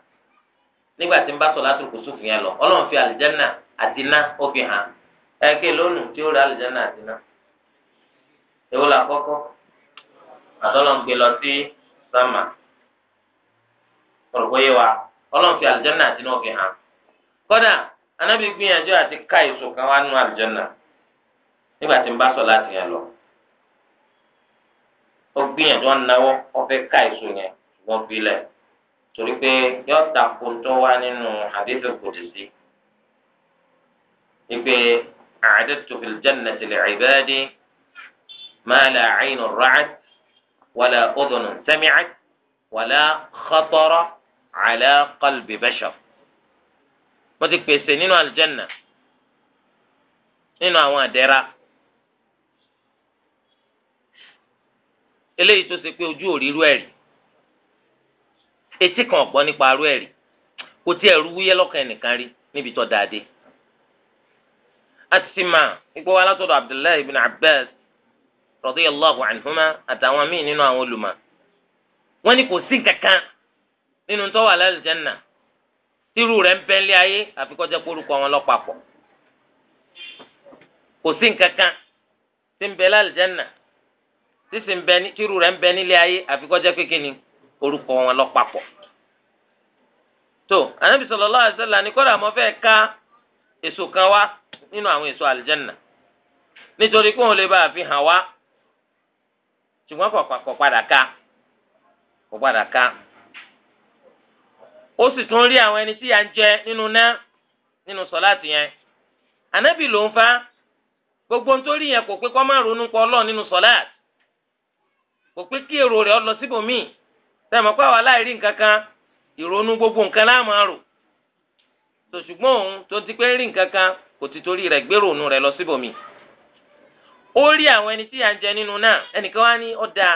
nígbà tí ń bá sọ̀látù kùsùfù yẹn lọ ọlọ́run fi àlìjánà àti náà ó fi hàn ẹ̀kẹ́ lónìí tí ó rí àlìjánà àti náà èwo la kọ́kọ́ àtọ́lọ́n gbé lọ sí sàmà ọ̀rọ̀ bóyá wa ọlọ́run fi àlìjánà àti náà fi hàn kọ́dà anábì àti ká kan wá nú àlìjánà nígbà tí ń bá sọ̀látù yẹn lọ ó gbìyànjú ọ̀nàwọ́ ọ̀fẹ́ ká èso yẹn wọ́n fi lẹ̀ torí pé yọ tako tó wá nínú àdéhùn kòdìsí wípé a'adadtu fil jannati li'ibadi ma la 'aynun ra'at wala udhunun sami'at wala khatara 'ala qalbi bashar wọ́n ti pèsè nínú àlùjánnà nínú àwọn àdẹ́ra. eléyìí tó ṣe pé ojú ò rírú ẹ̀rí etí kan ọ̀gbọ́n nípa arú ẹ̀rí kò tí ẹ̀rú wúyẹ́ lọ́kàn ẹnìkan rí níbi tó dáadé. a ti ma ipò wa látọ̀dọ̀ abdullahi ibn abbas radiyallahu anhuma àtàwọn míì nínú àwọn olùmọ̀ wọ́n ní kò sí kankan nínú tó wà lálùjánnà tírú rẹ̀ ń bẹ́ńlé ayé àfi kó jẹ́ kórúkọ wọn lọ́pàpọ̀ kò sí kankan tí ń bẹ lálùjánnà sísì ń bẹ ní tírú rẹ̀ ń bẹ nílé ayé àfikọ́jẹ́ kékeré ni orúkọ wọn lọ papọ̀. tó anábì sallallahu alaihi wasallam ní kọ́dà mọ́ fẹ́ ká èso kan wá nínú àwọn èso àlìjẹ́nà nítorí kó wọn lè bá àfihàn wá ṣùgbọ́n kò padà ká kò padà ká ó sì tún rí àwọn ẹni tí yà ń jẹ nínú náà nínú sọláàtì yẹn anábì ló ń fa gbogbo nítorí yẹn kò pé kọ́ máa ronú pọ̀ ọlọ́ọ̀ nínú sọláàtì. kò pé kí èrò rẹ̀ lọ síbòmíì sẹ́mi pé àwọn aláìrí nǹkan kan ìrònú gbogbo nǹkan láàmú àrò tó ṣùgbọ́n òun tó ti pé rí nǹkan kan kò ti torí rẹ̀ gbé rònú rẹ̀ lọ síbòmíì ó rí àwọn ẹni tí à ń jẹ nínú náà ẹnìkan wá ní ọ̀dà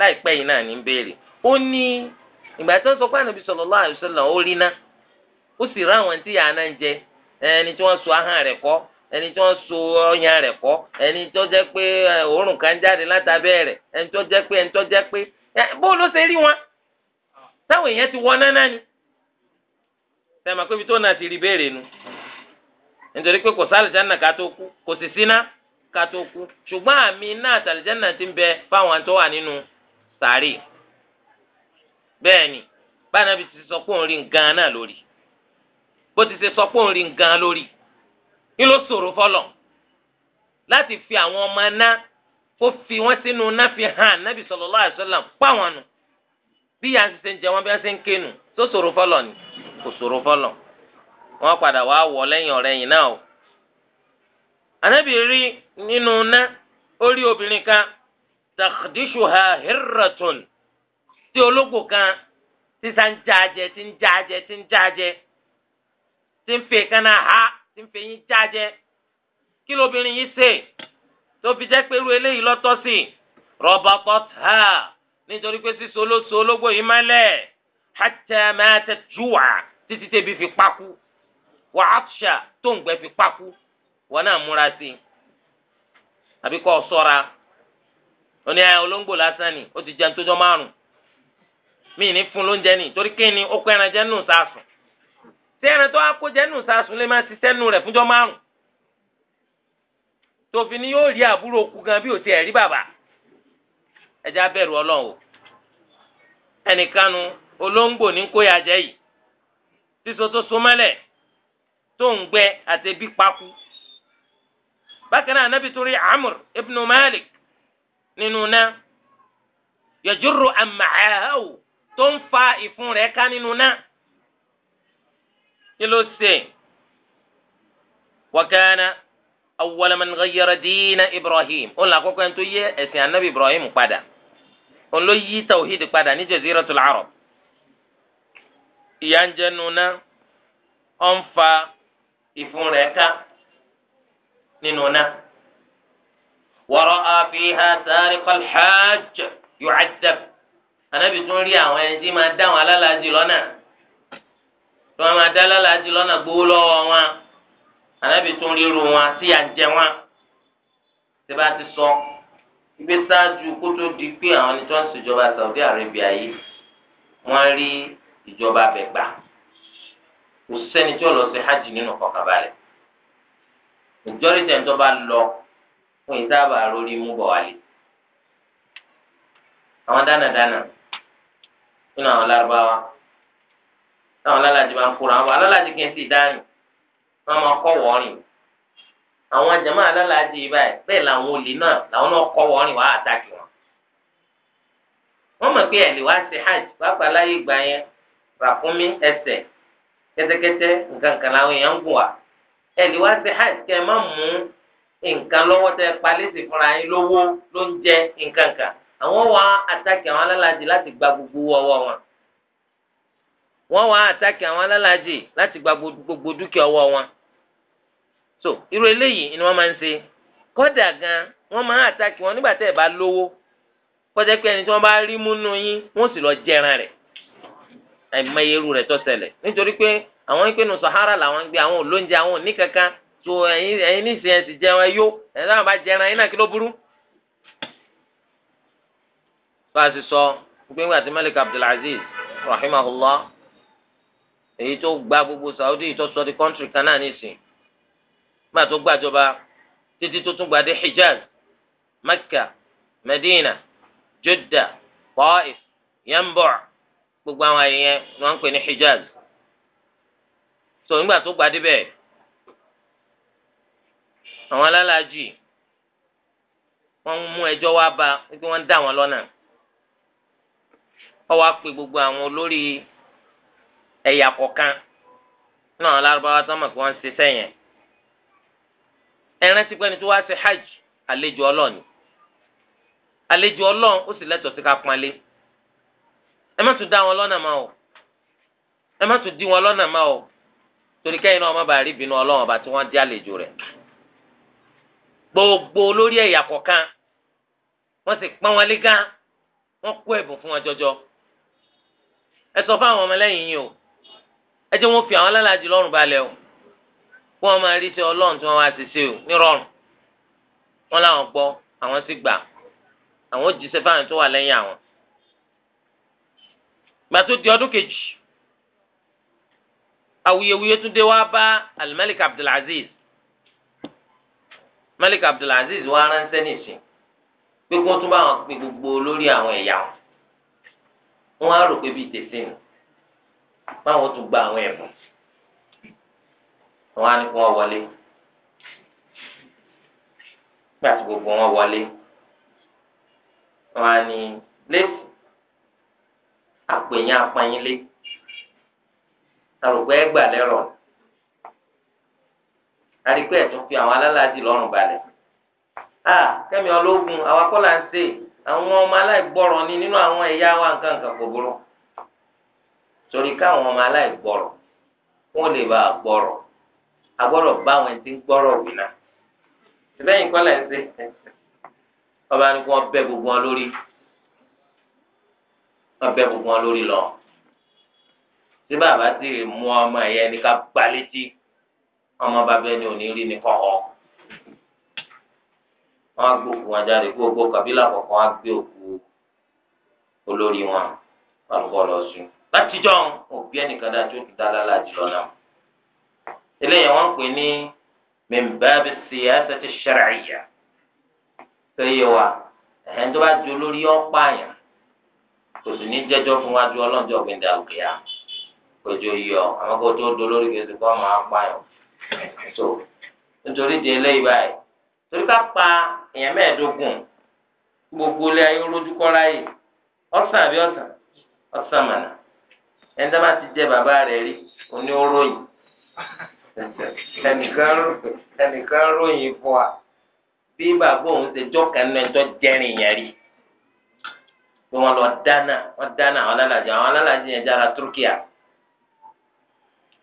láìpẹ́ yìí náà ní ń béèrè ó ní ìgbà tó ń sọ pé ẹni tó ń so ọyàn rẹ̀ kọ́ ẹni tó jẹ́ pé òórùn kan jáde látàbẹ́ rẹ̀ ẹni tó jẹ́ pé ẹni tó jẹ́ pé bó ló ṣe rí wọn táwọn èèyàn ti wọ náná ni sẹ́mi pé ibi tó náà ti rí béèrè nu nítorí pé kò sálìjánà ká tó kú kò sì síná ká tó kú ṣùgbọ́n àmì náà sálìjánà ti ń bẹ fáwọn tó wà nínú sàárì bẹ́ẹ̀ ni báyìí náà ti sọ pé òun rí nǹkan náà lórí bó ti ṣe sọ pé òun rí nǹkan lórí ńlọ sọ̀rọ̀ fọlọ̀ láti fi àwọn ọmọ aná kó fi wọn sínú náà fi hàn nábì sallallahu alaihi wasallam pa wọn nù bí yà ń ṣe ń jẹ wọn bí wọn ṣe ń kéènù tó sọ̀rọ̀ fọlọ̀ ni kò sọ̀rọ̀ fọlọ̀ wọn padà wá wọ lẹ́yìn ọ̀rẹ́ yìí náà o ànábì rí nínú ná ó rí obìnrin kan takhdishuha hirratun tí ológbò kan sísan jáàjẹ tí ń jáàjẹ tí ń jáàjẹ tí ń fè kánná ha tí ń fẹyín jájẹ kí lóbìnrin yìí ṣe tó fi jẹ́ pé irú eléyìí lọ́tọ́ sí rọ́bà pọ́tà nítorí pé sísọ olóso ológbò yìí mẹ́lẹ̀ hàtẹ́ mẹ́tẹ́ jùwà títí tẹ́bi fi pákú wà áṣà tó ń gbẹ fi pákú wọn náà múra sí i àbí kọ́ ọ sọ́ra ó ní olóńgbò lásán ni ó ti jẹun tó jọ márùn-ún mí ní fún lóúnjẹ ni torí kí ni ó pẹ́ran jẹ́ nù sásùn sẹ́ran tó akójẹ́ nù sásùn lè máa ṣiṣẹ́ nù rẹ̀ fúnjọ́ márùn tòfin ni yóò rí àbúrò kú gan bí ò ti ẹ̀rí bàbá ẹja bẹ̀rù ọlọ́run o ẹnìkanu olóńgbò ní kóyà yìí sísọ tó so mọ́lẹ̀ tó ń gbẹ àti ebi paku bákan náà anabi tó rí amr ibn malik nínú náà yajurru àmàhàwò tó ń fa ìfun rẹ̀ ká nínú náà. kí ló ṣe wakana awwala man ghayyara diina ibrahim òun là kọ́kọ́ ẹni tó yẹ ẹ̀sìn anabi ibrahim padà òun ló yí tawhid padà ní jaziratul arab ìyà ń jẹ nuna ó ń fa ìfun rẹ̀ ká nínú náà wọ́rọ́ àfihàn sáré kọ́lhájj yu'addab anabi tún rí àwọn ẹni tí máa dá àwọn alálàájì lọ́nà. tí wọn máa dálá láti lọ́nà gbowó lọ́wọ́ wọn ànábì tún ríru wọn sí àjẹ wọn tí bá ti sọ ibi sáájú kó tó di pé àwọn ẹni tó ń ṣèjọba Saudi Arabia yìí wọn rí ìjọba abẹ gbà kò sẹ́ni tí ó lọ sí hajj nínú kọkànbalẹ̀ ìjọrí tẹ̀ ń tó lọ fún ìsáàbà lórí mú àwọn dánadáná nínú àwọn lárúbáwá táwọn alálàjì máa ń kóra àwọn alálàjì kì í sì dárìn wọn máa kọ́ wọ́ọ̀rìn àwọn jama alálàjì báyìí bẹ́ẹ̀ làwọn olè náà làwọn náà kọ́ wọ́ọ̀rìn wàá àtàkì wọn. wọ́n mọ̀ pé ẹ̀lẹ́ wàá ṣe hajj pàápàá láyé ìgbà yẹn ràkúnmí ẹsẹ̀ kẹ́tẹ́kẹ́tẹ́ nǹkan kan làwọn èèyàn ń gùn wá ẹ̀lẹ́ wàá ṣe hajj kẹ́ ẹ má mú nǹkan lọ́wọ́ tẹ palẹ́sì fúnra yín lówó ló ń jẹ nǹkan àwọn wa àtàkì àwọn alálàjì láti gba gbogbo wọ́wọ́ wọn wọ́n wá àtàkì àwọn alálàájì láti gba gbogbo dúkìá ọwọ́ wọn so irú eléyìí ni wọ́n máa ń ṣe kódà gan wọ́n máa àtàkì wọn nígbà tẹ́ ẹ bá lówó kọjá pé ẹni tí wọ́n bá rí múnú yín wọ́n sì lọ jẹran rẹ̀ àìmọye irú rẹ̀ tó ṣẹlẹ̀ nítorí pé àwọn ń pè nù Sahara làwọn ń gbé àwọn olóúnjẹ àwọn òní kankan tó ẹ̀yin ẹ̀yin nísìnyí ẹ sì jẹun ẹ yó ẹ̀yin náà bá jẹran ẹ̀yin náà kí ló burú. bá a sì sọ gbẹ̀ngbà tí Malik Abdulaziz rahimahullah èyí tó gba gbogbo Saudi tó sọ di kọ́ńtìrì kan náà nìsín má tó gbàjọba títí tó tún gbadé Hijaz Mecca Medina Jeddah Taif Yanbu gbogbo àwọn àyè ni wọ́n ń pè ní Hijaz so nígbà tó gbadé bẹ́ẹ̀ àwọn alálàájì wọ́n mú ẹjọ́ wá bá wípé wọ́n ń dá wọn lọ́nà ó wá pè gbogbo àwọn olórí ẹ̀yà kọ̀ọ̀kan náà lárúbáwá tó mọ̀ pé wọ́n ń ṣe sẹ́yìn ẹ̀rán ti pẹ́ni tó wá ṣe hajj àlejò ọlọ́ọ̀ni àlejò ọlọ́ọ̀n ó sì lẹ́tọ̀ọ́ sí ká pọ́nlé ẹ má tún dá wọn lọ́nà máa o ẹ má tún dí wọn lọ́nà máa o torí kẹ́yìn náà ọmọ bá rí ìbínú ọlọ́run ọba tí wọ́n dí àlejò rẹ̀ gbogbo olórí ẹ̀yà kọ̀ọ̀kan wọ́n sì pọ́n wọn lé gán wọ́n kó ẹ̀bùn fún wọn jọjọ ẹ sọ fún àwọn ọmọlẹ́yìn yìí o ẹ jẹ́ wọn fi àwọn alálàájì lọ́rùn balẹ̀ o kí wọ́n máa rí sí ọlọ́run tí wọ́n wá ṣiṣẹ́ o nírọ̀rùn wọn làwọn gbọ́ àwọn sì gbà àwọn òjíṣẹ́ fáwọn tó wà lẹ́yìn àwọn. gbà tó di ọdún kejì awuyewuye tún dé wá bá alimẹ́líkà abdulaziz malik abdulaziz wá ránṣẹ́ nìṣẹ́ pé kí wọ́n tún bá wọn pe gbogbo lórí àwọn ẹ̀yà wọn á rò pé bíi tèsí nù báwọn tún gba àwọn ẹ̀bùn wọn á ní kí wọ́n wọlé nígbà tí gbogbo wọn wọlé wọn á ní lẹ́sìn àpèyàn apanyinlé àrògbé ẹgbà lẹ́rọ̀ àdìgbẹ́ ẹ̀tún fi àwọn alálàájì lọ́rùn balẹ̀ a kẹ́mi ológun àwọn akọ́là ń ṣe àwọn ọmọ aláìgbọ́ràn ni nínú àwọn ẹ̀yà wa nǹkan kan kò burú torí káwọn ọmọ aláìgbọ́rọ̀ wọn lè bá gbọ́rọ̀ agbọ́rọ̀ bá àwọn ẹni tí ń gbọ́rọ̀ wí náà ìbẹ́yìn kọ́lá ẹ̀ ṣe <laughs> ọba ní kí wọ́n bẹ́ gbogbo wọn lórí wọ́n bẹ́ gbogbo wọn lórí lọ tí bàbá sì mú ọmọ ẹ̀yẹ ní ká gbá létí ọmọ bàbá ẹni ò ní rí ní kọ́kọ́ wọ́n á gbókùn wọn jáde gbogbo kàbílà kọ̀ọ̀kan á gbé òkú olórí wọn wọn lọ sùn látijọ́ wọn bí ẹnìkan dájú ti dára lájọ náà eléyìí wọn ń pè ní mẹmbàbí siyasa ti ṣẹ̀rẹ̀yà tó yẹ wa ẹ̀hẹ́n tó bá ju olórí ọ̀pá yẹn kò sì ní jẹ́jọ́ fún wájú ọlọ́njọ́ gbẹ̀dẹ̀ àgbẹ̀yà kojú yọ àwọn kó tó do lórí kó máa pa yàn so nítorí di eléyìí báyìí torí ká pa èèyàn mẹ́ẹ̀ẹ́dógún gbogbo ilé ayé olójúkọ́ láyè ọ̀sán àbí ọ̀sán ọ̀sán mọ̀nà ẹni tó bá ti jẹ bàbá rẹ̀ rí oní oróyìn ẹnìkan ròyìn fún wa bí bàbá òun ṣe jọ́ka nínú ẹjọ́ jẹ́rìn yẹn rí pé wọ́n lọ dáná wọ́n dáná àwọn alálàjì àwọn alálàjì yẹn jára Turkiya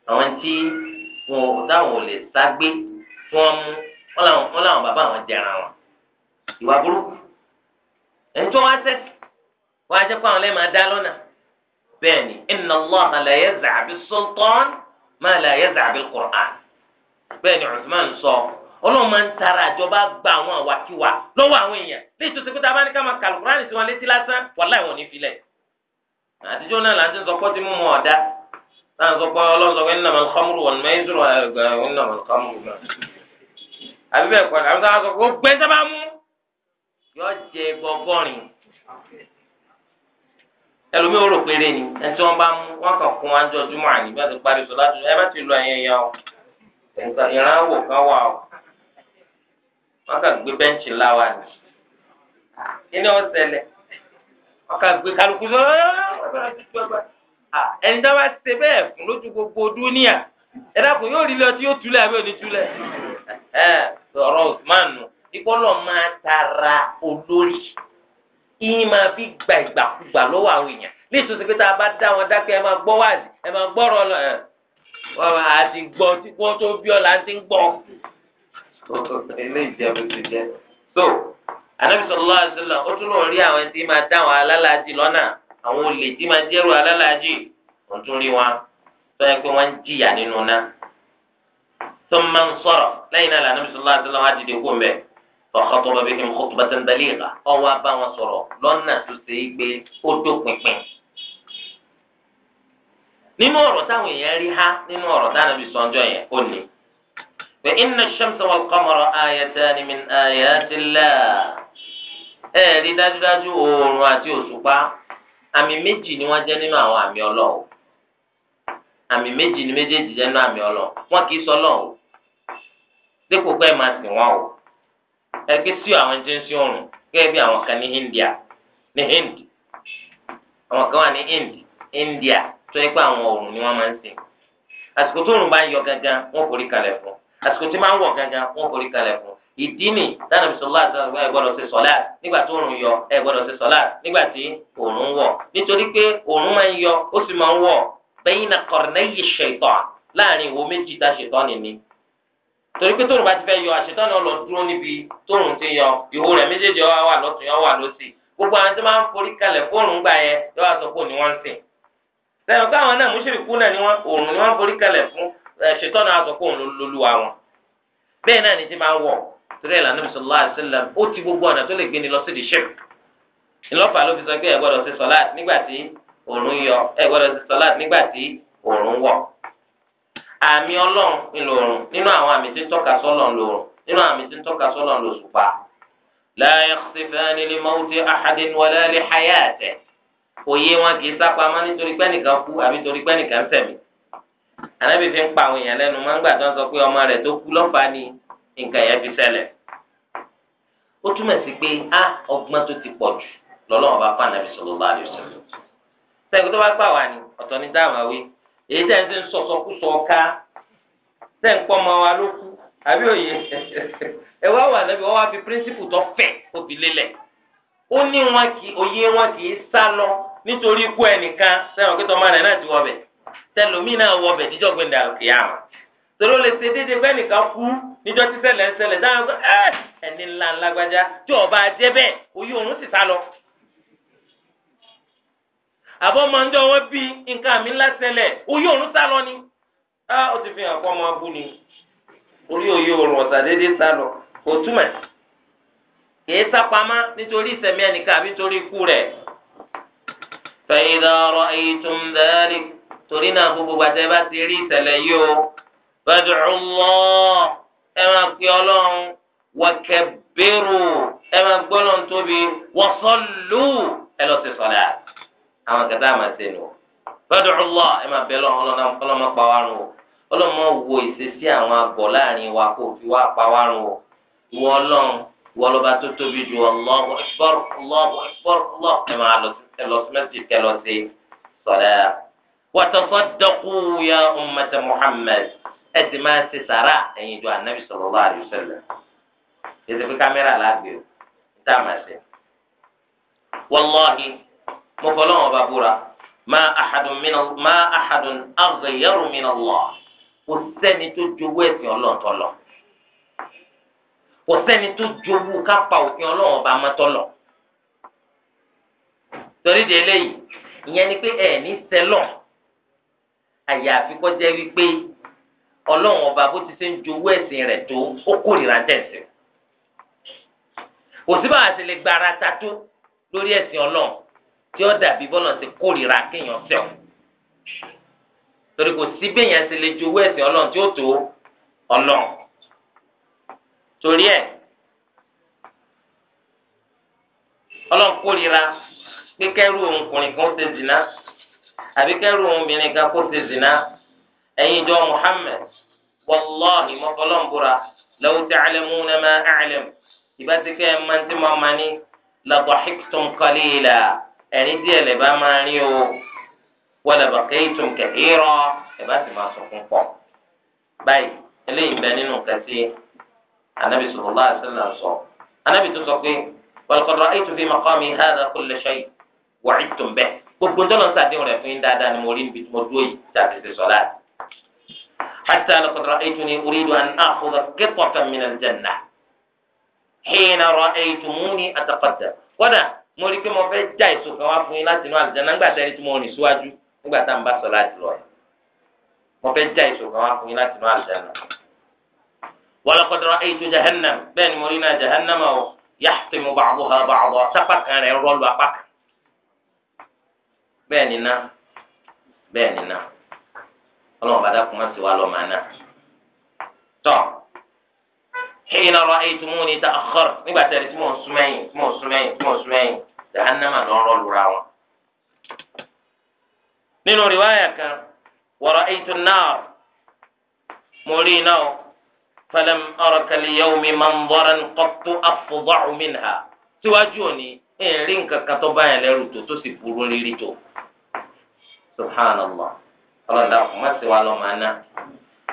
àwọn tí wọn ò táwọn ò lè ságbé tí wọ́n mú wọ́n làwọn bàbá àwọn jẹran wọn ìwà burúkú ẹni wá sẹ́sì wọ́n á jẹ́ pé àwọn lẹ́ẹ̀ máa dá lọ́nà bẹ́ẹ̀ ni inna Allaha la yaz'a bis-sultan ma la yaz'a bil-Qur'an bẹ́ẹ̀ ni Usman sọ ọlọ́run máa ń tara àjọba gba àwọn àwàkiwà lọ́wọ́ àwọn èèyàn ní ìtòsí pé tábà ní ká máa kàlù kúránì tí wọ́n létí lásán wàláì wọn ní filẹ̀ àtijọ́ náà láti sọ pé tí mú mọ́ ọ̀dá náà sọ pé ọlọ́run sọ pé nínú àwọn wọn máa ń ẹ̀gbẹ́ nínú àwọn kọ́múrú náà àbí bẹ́ẹ̀ kọ́ àbí sọ ẹlòmíì ó rò péré ni ẹni tí wọn bá mú wọn kàn kún parí sọ ẹ bá ti lo ẹyẹ ya o ìran wò kán wà o wọn kàn gbé bẹ́ǹchì láwa ni kíni ó ṣẹlẹ̀ wọn kàn gbé kálukú sọ ẹni tí wọn bá ṣe bẹ́ẹ̀ fún lójú gbogbo dúníà ẹ dákun yóò rí lọ tí yóò túlẹ̀ àbí òní túlẹ̀ ẹ sọ̀rọ̀ Usman nù tara olórí. yín máa fi gba ìgbàkúgbà lọ́wọ́ àwọn èèyàn léṣu sí pé tá a bá dá wọn dákẹ́ ẹ máa gbọ́ wáàzì ẹ máa gbọ́rọ̀ lọ ẹ àti gbọ́ tí wọ́n tó bí ọ là ń ti ń gbọ́. so anabi sallallahu alaihi wasallam ó tún lóun rí àwọn ẹni tí máa dá àwọn alálàájì lọ́nà àwọn olè tí máa jẹ́rù alálàájì ó tún rí wọn tó yẹ pé wọ́n ń jìyà nínú náà tó máa ń sọ̀rọ̀ lẹ́yìn náà anabi فخطب بهم خطبة بليغة ọwọ́ abá wọn sọ̀rọ̀ lọ́nà tó ṣe é gbé ó dópinpin. nínú ọ̀rọ̀ táwọn èèyàn rí há nínú ọ̀rọ̀ táwọn ibi sọ́njọ́ yẹn ó ní. pé inna shamsa wal qamara ayatani min ayati llah. ẹ rí dájúdájú oòrùn àti òṣùpá àmì méjì ni wọ́n jẹ́ nínú àwọn àmì ọlọ́wọ́ àmì méjì ni méjèèjì jẹ́ nínú àmì ọlọ́wọ́ wọn kì í sọ ọlọ́wọ́ dípò pé ẹ máa sìn wọn o. ẹgbẹ sí àwọn tí ń sí òrùn gẹ́gẹ́ bí àwọn kan ní India ní Hind àwọn kan India tó yẹ pé àwọn òrùn ni wọ́n máa ń sìn àsìkò tó òrùn bá ń yọ gangan wọ́n forí kalẹ̀ fún àsìkò tí máa ń wọ̀ gangan wọ́n forí kalẹ̀ fún ìdí ni dáná bisalòlá àti àwọn ẹ ṣe sọlá nígbà tó òrùn yọ ẹ ṣe sọlá nígbà tí òrùn wọ̀ nítorí pé òrùn na torí pé tóun bá ti fẹ́ yọ àṣetán náà lọ dúró níbi tóun ti yọ ìwo rẹ̀ méjèèjì ọ wà lọ́tún yọ wà lọ́sì gbogbo àwọn tí wọ́n máa ń forí kalẹ̀ fóònù gbà yẹn yọ wá sọ pé òní wọ́n ń sìn sẹ́yìn káwọn náà múṣírì kú náà ni wọ́n òòrùn ni wọ́n forí kalẹ̀ fún àṣetán náà sọ pé òun lolúwa wọn bẹ́ẹ̀ náà ni ti máa ń wọ̀ torí ẹ̀lànà bisalòlá àṣẹlẹ̀ ó ti gbogbo ọ̀nà tó lè gbé ni lọ sí di ṣẹ́k ìlọ́pàá ló fi sọ pé ẹ gbọ́dọ̀ ṣe sọ́láàtì nígbà àmì ọlọ́run ńlọrùn nínú àwọn àmì tí ń tọ́ka sọ́lọ̀ ńlọrùn nínú àwọn àmì tí ń tọ́ka sọ́lọ̀ ńlọsùpá. la yakhsifani li mawti ahadin wala li hayatihi òye wọn kì í sápamọ́ nítorí pé ẹnìkan kú àbí torí pé ẹnìkan ṣẹ̀mí. ànábì fi ń pa àwọn èèyàn lẹ́nu máa ń gbà tó ń sọ pé ọmọ rẹ̀ tó kú lọ́fàá ni nǹkan yẹn fi ṣẹlẹ̀. ó túmọ̀ sí pé á ọgbọ́n tó ti pọ̀ jù lọ́lọ́wọ́n bá fún ànábì sallallahu alaihi wasallam. sẹ́yìn tó bá pàwọ́ àní ọ̀tọ̀ ni dáhùn àwí èyí tẹ̀ ń ṣe sọ̀sọ̀kúsọ ọ̀ka tẹ̀ ń pọ́ ọmọ wa ló kú àbí òye <laughs> ẹ wá wà lẹ́bi wọ́n wá fi píríncípù tó fẹ̀ òbí lélẹ̀ ó ní wọn kì òye wọn kì í sá lọ nítorí ikú ẹnìkan sẹ́wọ̀n kí tọ́mọ rẹ̀ náà ti wọbẹ̀ tẹlómìnà wọbẹ̀ díjọ́ gbẹ̀ndà òkè àmọ́ tòló lè ṣe déédéé pé ẹnìkan kú níjọ́ tí àbọ̀ máa ń jọ wọ́n bí nǹkan mi ńlá ṣẹlẹ̀ oyè òrùn sá lọ ni á ó ti fi hàn kọ́ ọmọ abú ni orí oyè òrùn ọ̀sà déédéé sá lọ kò túmọ̀ kìí sápamọ́ nítorí ìsẹ̀mí ẹnìkan àbí torí ikú rẹ̀ fẹ̀yìndà ọ̀rọ̀ ẹ̀yìntùm dẹ́rẹ́lì torí náà gbogbo gbàtẹ́ bá ti rí ìṣẹ̀lẹ̀ yìí o fẹ́dùn lọ́ ẹ máa pe ọlọ́run wọ́kẹ́ bẹ́rù ẹ máa gbọ́lọ́n tóbi wọ́sọ́lù ẹ lọ sí sọ́dà àwọn kẹta àmà ṣe nù. fẹ́dọ̀ ọlọ́ ẹ máa bẹ lọ́wọ́ ọlọ́mọ pa wá run o ọlọ́mọ wo ìṣesí àwọn àgọ́ láàrin wa kó fi wá pa wá run o wọ ọlọ́run wọ ọlọ́ba tó tóbi ju Allahu Akbar Allahu Akbar Allah ẹ máa lọ sí mẹ́sì kẹ lọ sí sọ̀rẹ́ à. wàtọ́fọ́dọ́kù ya ummata Muhammad ẹ ti máa ṣe sàrà ẹ̀yin ju anabi sallallahu alaihi wasallam ètò fi mo fọlọ́wọn bá búra ma ahadun mina ma ahadun aghyaru min Allah kò sẹ́ni tó jowó ẹ̀sìn ọlọ́ọ̀tọ́lọ̀ kò sẹ́ni tó jowó kápá òfin ọlọ́wọ́n bá mọ́tọ́lọ̀ torí de eléyìí ìyẹn ni pé ẹ ní sẹ́lọ̀ àyàfi kó jẹ́ wípé ọlọ́wọ́n ọba bó ti ṣe ń jowó ẹ̀sìn rẹ̀ tó ó kórìíra tẹ̀sìn kò sí lè gbára ta lórí ẹ̀sìn ọlọ́wọ́n tí ó dàbí bọ́lọ̀ ti kórìíra kéèyàn sẹ̀wọ̀n torí kò sí béèyàn ti lè ju owó ẹ̀sìn ọlọ́run tí ó tó ọlọ́run torí ẹ̀ ọlọ́run kórìíra pé kẹ́rù ọkùnrin kan ṣe zina àbí kẹ́rù obìnrin kan kó ṣe zina ẹ̀yin jọ Muhammad wàlláhi mọ́kànlọ́nbùra law ta'lamuna ma a'lam ìbá ti kẹ́ ẹ̀ máa ń tí mo máa ní la dhahiktum qalila. ẹni díẹ̀ lè bá máa rí o wọlé bàkéyìtùm kẹhìírọ ẹ bá sì máa sọkún pọ báyìí eléyìí bẹ nínú kẹsí anabi sallallahu alaihi wasallam sọ anabi tó sọ pé walaqad ra'aytu fi mi kọ́ maqami hadha kulla shay wa'idtum bih gbogbo ntọ́nà sàdéhùn rẹ̀ fún yín dáadáa ni mo rí níbi tí mo dúró yìí tàbí ṣe sọ láti. hatta laqad ra'aytuni uridu an akhudha qit'atan min al-jannah hina ra'aytumuni ataqaddam kódà mo rí i pé mo fẹ́ já èso kan wá fún yín láti inú àlùjáná nígbà tá ẹni tí mo rìn síwájú nígbà tá à ń bá sọ láti lọ mo fẹ́ já èso kan wá fún yín láti inú àlùjáná. walaqad ra'aytu jahannam bẹ́ẹ̀ ni mo rí náà jahannam ọ̀ yahtimu ba'daha ba'dan sápá kan rẹ̀ rọ́ọ̀lù apá kan bẹ́ẹ̀ ni ná bẹ́ẹ̀ ni ná ọlọ́run bàdá kùmọ̀ wa lọ́ọ́ máa ná حين رأيتموني تأخرت نبقى تاري تمو سمعين تمو سمعين تمو سمعين جهنم نور الوراوة نينو رواية كان ورأيت النار مولينا فلم أرك اليوم منظرا قط أفظع منها تواجوني إن رينك كتبان لرتو تسفرون لرتو سبحان الله الله لا ما سوى لهم أنا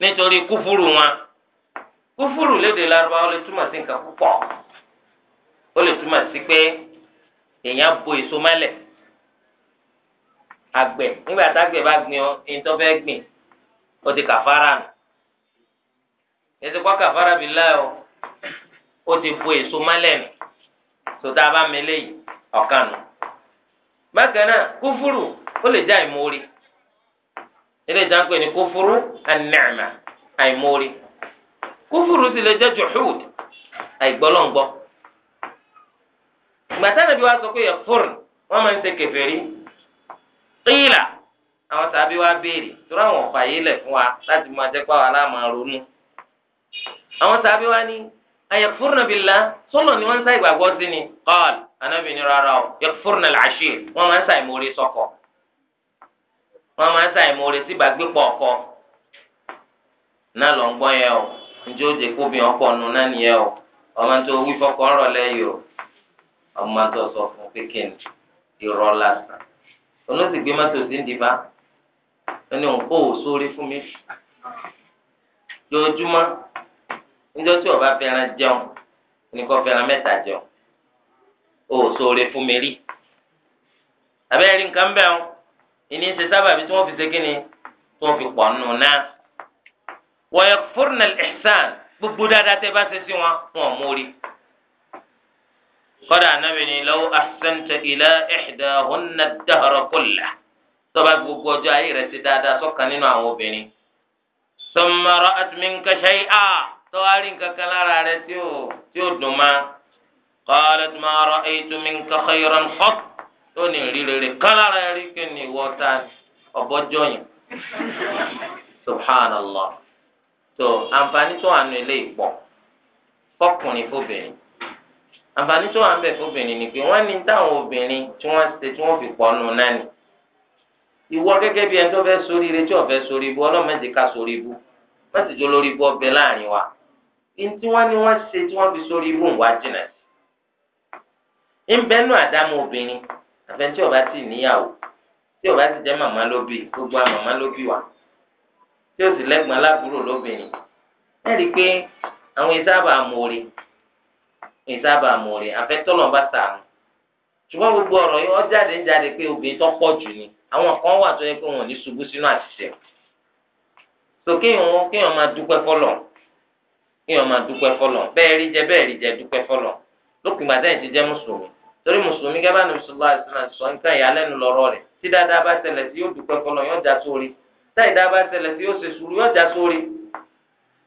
nítorí kúfúrú wọn kúfúrú lédè lárúbáwá lè túmọ̀ sí nǹkan púpọ̀ ó lè túmọ̀ sí pé èèyàn bo èso mọ́lẹ̀ àgbẹ̀ nígbà tágbẹ̀ bá gbìn ọ ìtọ́ fẹ́ gbìn ó ti kàfárà nù ètò kọ́ kàfárà bí láyọ̀ ó ti bo èso mọ́lẹ̀ nù sọtá bá mi léyìí ọ̀kan nù bákan náà kúfúrú ó lè já ìmórí ilé ìjà ń pè ní kófúrú anẹ́ẹ̀mà àìmórí kófúrú sì lè jẹ́ juhud àìgbọ́lọ́ngbọ́ gbàtà nàbí wa sọ pé yẹfúrú wọn máa ń ṣe kèfèrí kíyìlà àwọn sàbí wa béèrè torí àwọn ọ̀fà yìí lẹ̀ fún wa láti máa jẹ́ pàwọn aláàmà ronú àwọn sàbí wa ní ayẹfúrú nàbí la sọlọ ni wọn ń sá ìgbàgbọ́ sí ni kọ́ọ̀lù anábìnrin rárá o yẹfúrú nàlàṣì wọn máa ń sá ìmórí sọkọ̀ wọn máa ń sa ìmoore sí ìbágbépọ̀ ọkọ náà lọ ń gbọ́ yẹn o njẹ́ ó jẹ́ kóbi ọkọ̀ nu náà nìyẹn o ọmọ tó wí fọkọ ọ̀rọ̀ lẹ́yìn o ọmọ tó sọ fún kékeré irọ́ lásán olóṣègbè mọ́tò sí ń dìbà ẹni òun kò sórí fún mi lójúmọ́ níjọ́ tí ọba fẹ́ràn jẹun ní kò fẹ́ràn mẹ́ta jẹun ò sórí fún mi rí abẹ́rẹ́ nǹkan bẹ́ẹ̀ o. ìní ṣe bá ṣe sí wọn fún ọ̀ mórí. kọ́dà anábì ni lọ́wọ́ àṣẹǹtẹ̀ ìlà ẹ̀ḥdà òun nà dàrọ̀ kó là. tọ́ba gbogbo ọjọ́ ayé rẹ̀ tí wọ́n fi ṣe kíni tí wọ́n fi pọ̀ nù na won ye al-ihsan gbogbo dáadáa tẹ́ bá ṣe sí wọn fun ò mórí. kọ́dà anábì ni law ahsanta ila ihdahunna ad ko la tọ́ba gbogbo ọjọ́ ayé rẹ̀ ti dáadáa sọ́kàn nínú àwọn obìnrin. thumma ra'at minka shay'a tọ́wárí kankan lára rẹ̀ tí ó dùn máa. qalat ma ra'aytu minka khayran khat tó ní ìrírere kán lára ẹ rí kí ni ìwọ ta ọ̀bọ́jọ́ yẹn subhanallah tó àǹfààní tó wà nù ilé ìpọ̀ fọkùnrin fóbìnrin àǹfààní tó wà ń bẹ fóbìnrin ni pé wọ́n ní táwọn obìnrin tí wọ́n ṣe tí wọ́n fi pọ̀ nù náà ni ìwọ gẹ́gẹ́ bí ẹni tó fẹ́ sórí ire tí ò fẹ́ sórí ibu ọlọ́mọ ẹ̀jẹ̀ ká sórí ibu wọ́n sì jọ lórí ibu ọbẹ̀ láàrin wa ntí wọ́n ní wọ́n ṣe tí wọ́n fi sórí ibu ń wá jìnà sí. ń bẹ́ẹ̀ nù obìnrin àfẹn tí o bá ti níyàwó tí o bá ti jẹ́ màmá ló bí gbogbo àmàmá ló bí wa tí o sì lẹ́gbọ̀n lábúrò lóbìnrin ẹ rí i pé àwọn ìsáàbà amòore ìsáàbà amòore àfẹn tọ́lọ̀ bá sàánù ṣùgbọ́n gbogbo ọ̀rọ̀ yìí wọ́n jáde ń jáde pé obìnrin tó pọ̀ jù ni àwọn kan wà tó yẹ pé wọn ò ní ṣubú sínú àṣìṣe so kéèyàn kéèyàn máa dúpẹ́ fọlọ̀ kéèyàn máa dúpẹ́ fọlọ̀ bẹ́ẹ̀ rí jẹ bẹ́ẹ̀ rí jẹ dúpẹ́ fọlọ̀ lókùngbà tẹ́yìn ti jẹ́ mùsùlùmí torí mùsùlùmí gẹ́gẹ́ bá ní mùsùlùmí àti sọ nǹkan ìyàlẹ́nu lọ́rọ̀ rẹ̀ tí dáadáa bá ṣẹlẹ̀ sí yóò dúpẹ́ fọlọ́ yóò já sórí táì dáa bá ṣẹlẹ̀ sí yóò ṣe sùúrù yóò já sórí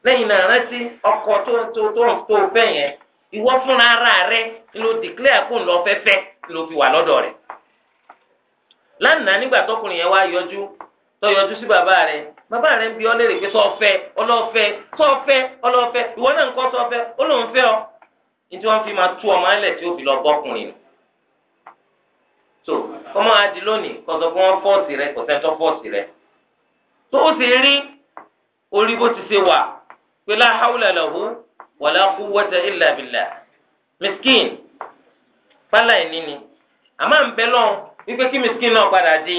lẹ́yìn náà rántí ọkọ tó tó tó tó fẹ́ yẹn ìwọ fúnra ara rẹ ló dìklẹ́ kó ń lọ fẹ́fẹ́ ló fi wà lọ́dọ̀ rẹ̀ lánàá nígbà tọkùnrin yẹn wá yọjú tó yọjú sí bàbá rẹ bàbá rẹ ń bi ọ́ léèrè pé sọ́ọ̀fẹ́ ọlọ́ọ̀fẹ́ sọ́ọ̀fẹ́ ọlọ́ọ̀fẹ́ ìwọ náà ń kọ́ sọ́ọ̀fẹ́ ó lóun fẹ́ ọ ní tí wọ́n fi máa tú ọmọ ẹlẹ̀ tí ó fi lọ bọ́kùnrin nù ọmọ adi lónìí kọsọ pé wọn fọọsì rẹ kò sẹńtọ fọọsì rẹ tó o sì rí orí bó ti ṣe wà pé la hawla lahu wala quwwata illa billah miskin pálá ẹ̀ ni. àmọ́ à ń bẹ lọ́n wípé kí miskin náà padà di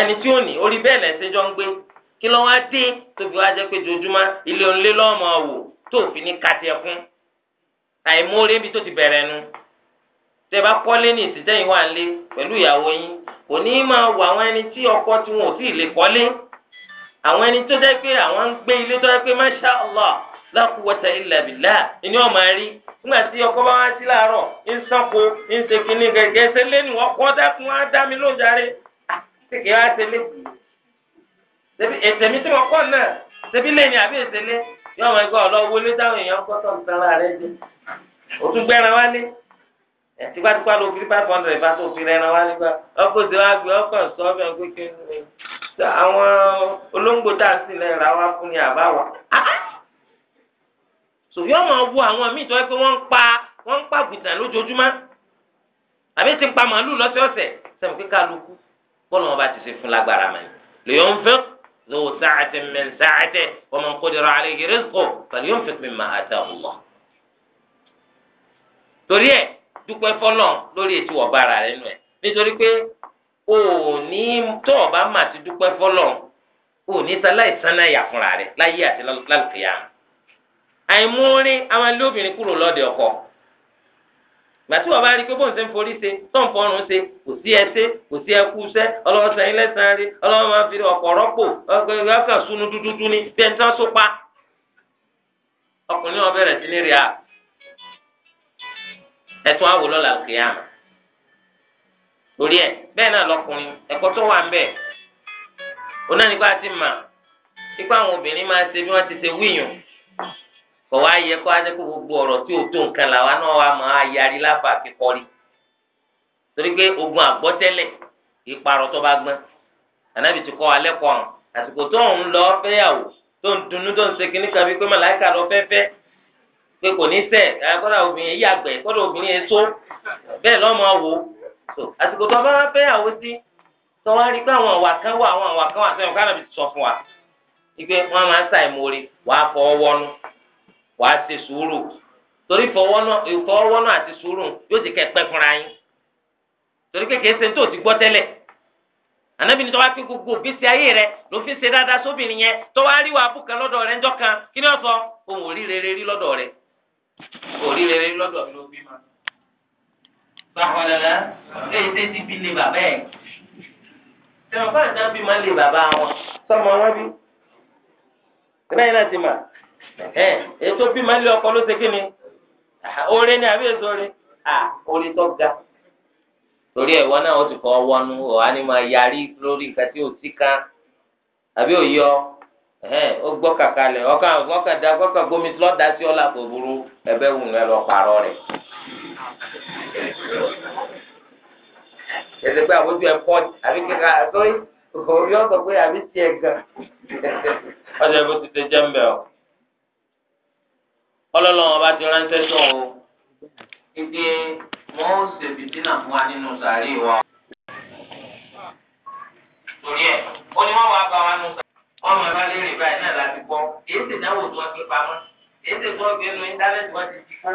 ẹni tí ó ní orí bẹ́ẹ̀ lẹ́sẹ̀ jọ ń gbé kí lọ́wọ́ á dé tóbi wá jẹ́ pé jojúmọ́ ilé onílé lọ́mọ wò tó fi ní kàtẹ́kùn àìmóore tẹ́ẹ̀bá kọ́lé ní ìsìtẹ́yìn wà lé pẹ̀lú ìyàwó yín kò ní máa wọ àwọn ẹni tí ọkọ tí wọn ò sì lè kọ́lé àwọn ẹni tó jẹ́ pé àwọn ń gbé ilé tó pé masha allah la ìní rí nígbà bá wá sí láàárọ̀ ń ń ṣe kínní gẹ́gẹ́ ṣe lé ní ọkọ dákun á dá mi ah, lé ètèmí tí tipatipa ló fi five hundred bá tó fi rẹran wá nígbà ọkọ tí wàá gbé ọkọ sọ ọbẹ kékeré ní àwọn olóńgbò tá a sì lè ra wá fún ni àbá wa. sòfì ọmọ wo àwọn míì tó yẹ pé wọ́n ń pa wọ́n ń pa gùtàn lójoojúmọ́ àbí ti ń pa màálù lọ́sọ̀ọ̀sẹ̀ sẹ́mi pé kálukú bọ́ọ̀lù wọn bá ti ṣe fún lágbára mọ́ni. lèyọ́n fẹ́ lọ́wọ́ sáàtẹ̀ mẹ́rin sáàtẹ̀ wa man qudira alayhi rizquhu falyunfiq mimma ataahu Allah. torí ẹ̀ dúpẹ́ fọlọ́ lórí ètò ọ̀bá ara rẹ nù ẹ̀ nítorí pé o ní tó ọ̀bá mà ti dúpẹ́ fọlọ́ o ní sáláì sánáyà fúnra rẹ láyé àti lálùkìyà àìmúrí àwọn ilé obìnrin kúrò lọ́dẹ ọkọ gbàtí wọn bá rí i pé bóun ṣe ń forí ṣe tóun fọrùn ṣe kò sí ẹsẹ kò sí ẹkú ṣẹ ọlọ́wọ́ sẹ́yìn lẹ́sàn-án rí ọlọ́wọ́ máa fi ọ̀pọ̀ rọ́pò ọkàn sunu dúdúdú ni bí ẹni tí wọ́n so pa ọkùnrin wọn bẹ̀rẹ̀ sí ní rí a ẹtún àwò lọ́la kìíyà lórí ẹ bẹ́ẹ̀ náà lọkùnrin ẹ̀kọ́ tó wà ń bẹ̀ òun náà nípa ti mà nípa àwọn obìnrin máa ṣe bí wọ́n ti ṣe wíyùn kọ̀ wá yẹ kó adé kó gbogbo ọ̀rọ̀ tí ò tó nǹkan làwa náà wà máa yarí láfa kíkọ́rí torí pé ogun àgbọ́tẹ́lẹ̀ ìparọ̀ tó bá gbọ́n ànábì ti kọ́ alẹ́ kọ́ àsìkò tó ń lọ fẹ́yàwó tó ń dunnú tó ń ṣe kíníkan bíi pé màláìka lọ fẹ́fẹ́ pé kò ní sẹ ẹ kọ́dà obìnrin yìí àgbẹ̀ kọ́dà obìnrin yẹn tó bẹ́ẹ̀ lọ́mọ wò so àsìkò tó bá wá fẹ́ àwọn sí tó wá rí pé àwọn àwà kan wà àwọn àwà kan wà sẹ́yìn kọ́dà bí sọ fún wa ìgbé wọn máa ń ṣàìmọ̀re wàá fọwọ́ wọnú wàá ṣe sùúrù torí ìfọwọ́wọ́nú àti sùúrù yóò ti kẹ́ pẹ́ fúnra yín torí kékeré ṣe tó ti gbọ́ tẹ́lẹ̀ ànábì ní tọ́wá pé gbogbo òbísí ayé rẹ ló fi ṣe dáadáa sóbìnrin yẹn tọ́wá rí wàá bùkẹ́ lọ́dọ̀ rẹ ńjọ́ kan kí ni ó sọ ohun òrí rere rí lọ́dọ̀ rẹ oríire lọ́dọ̀ ló bí ma. Báwo lọ́la? Léyìí tẹ́ ti bí lé bàbá ẹ̀. Tẹ̀wọ̀n bá ìjà bí máa lé bàbá wọn. Sọ́mọ wọn bí. Bẹ́ẹ̀ náà ti mà. Ẹ ètò bí máa lé ọkọ ló ṣe kí ni? Oore ni àbí èso oore? À oore tó ga. Torí ẹ̀wọ́ náà ó ti kọ́ wọnú ọ̀hání máa yarí lórí nǹkan tí ò sí kan. Àbí òye ọ? ẹhẹn ó gbọ́ kàkà lẹ̀ ọkàn ọkàn da ọkàn gbomi tí lọ́ọ́ da sí ọ́lá kò burú ẹbẹ́ wù ẹ lọ pààrọ̀ rẹ̀. ẹsẹ̀ pé àbójú ẹ pọ̀ àbí kíkà àtọ́yí òkòrí ọ̀sọ̀ pé àbí tiẹ̀ gan. ọjọ́ ìbò ti tẹ jẹ́mbẹ̀ o. ọlọ́lọ́wọ́n bá ti ránṣẹ́ sọ o. ìdí wọn ó ṣèbí dínà fún wa nínú sàárì wọn. torí ẹ ó ní wọn wàá bá wa nù sàárì ọmọ ẹ bá lè rìn báyìí náà láti gbọ́ èyí sì náwó tó ń gbé pamọ́ èyí sì tó ń gbé nu íńtánẹ́ẹ̀tì wọn ti ti kó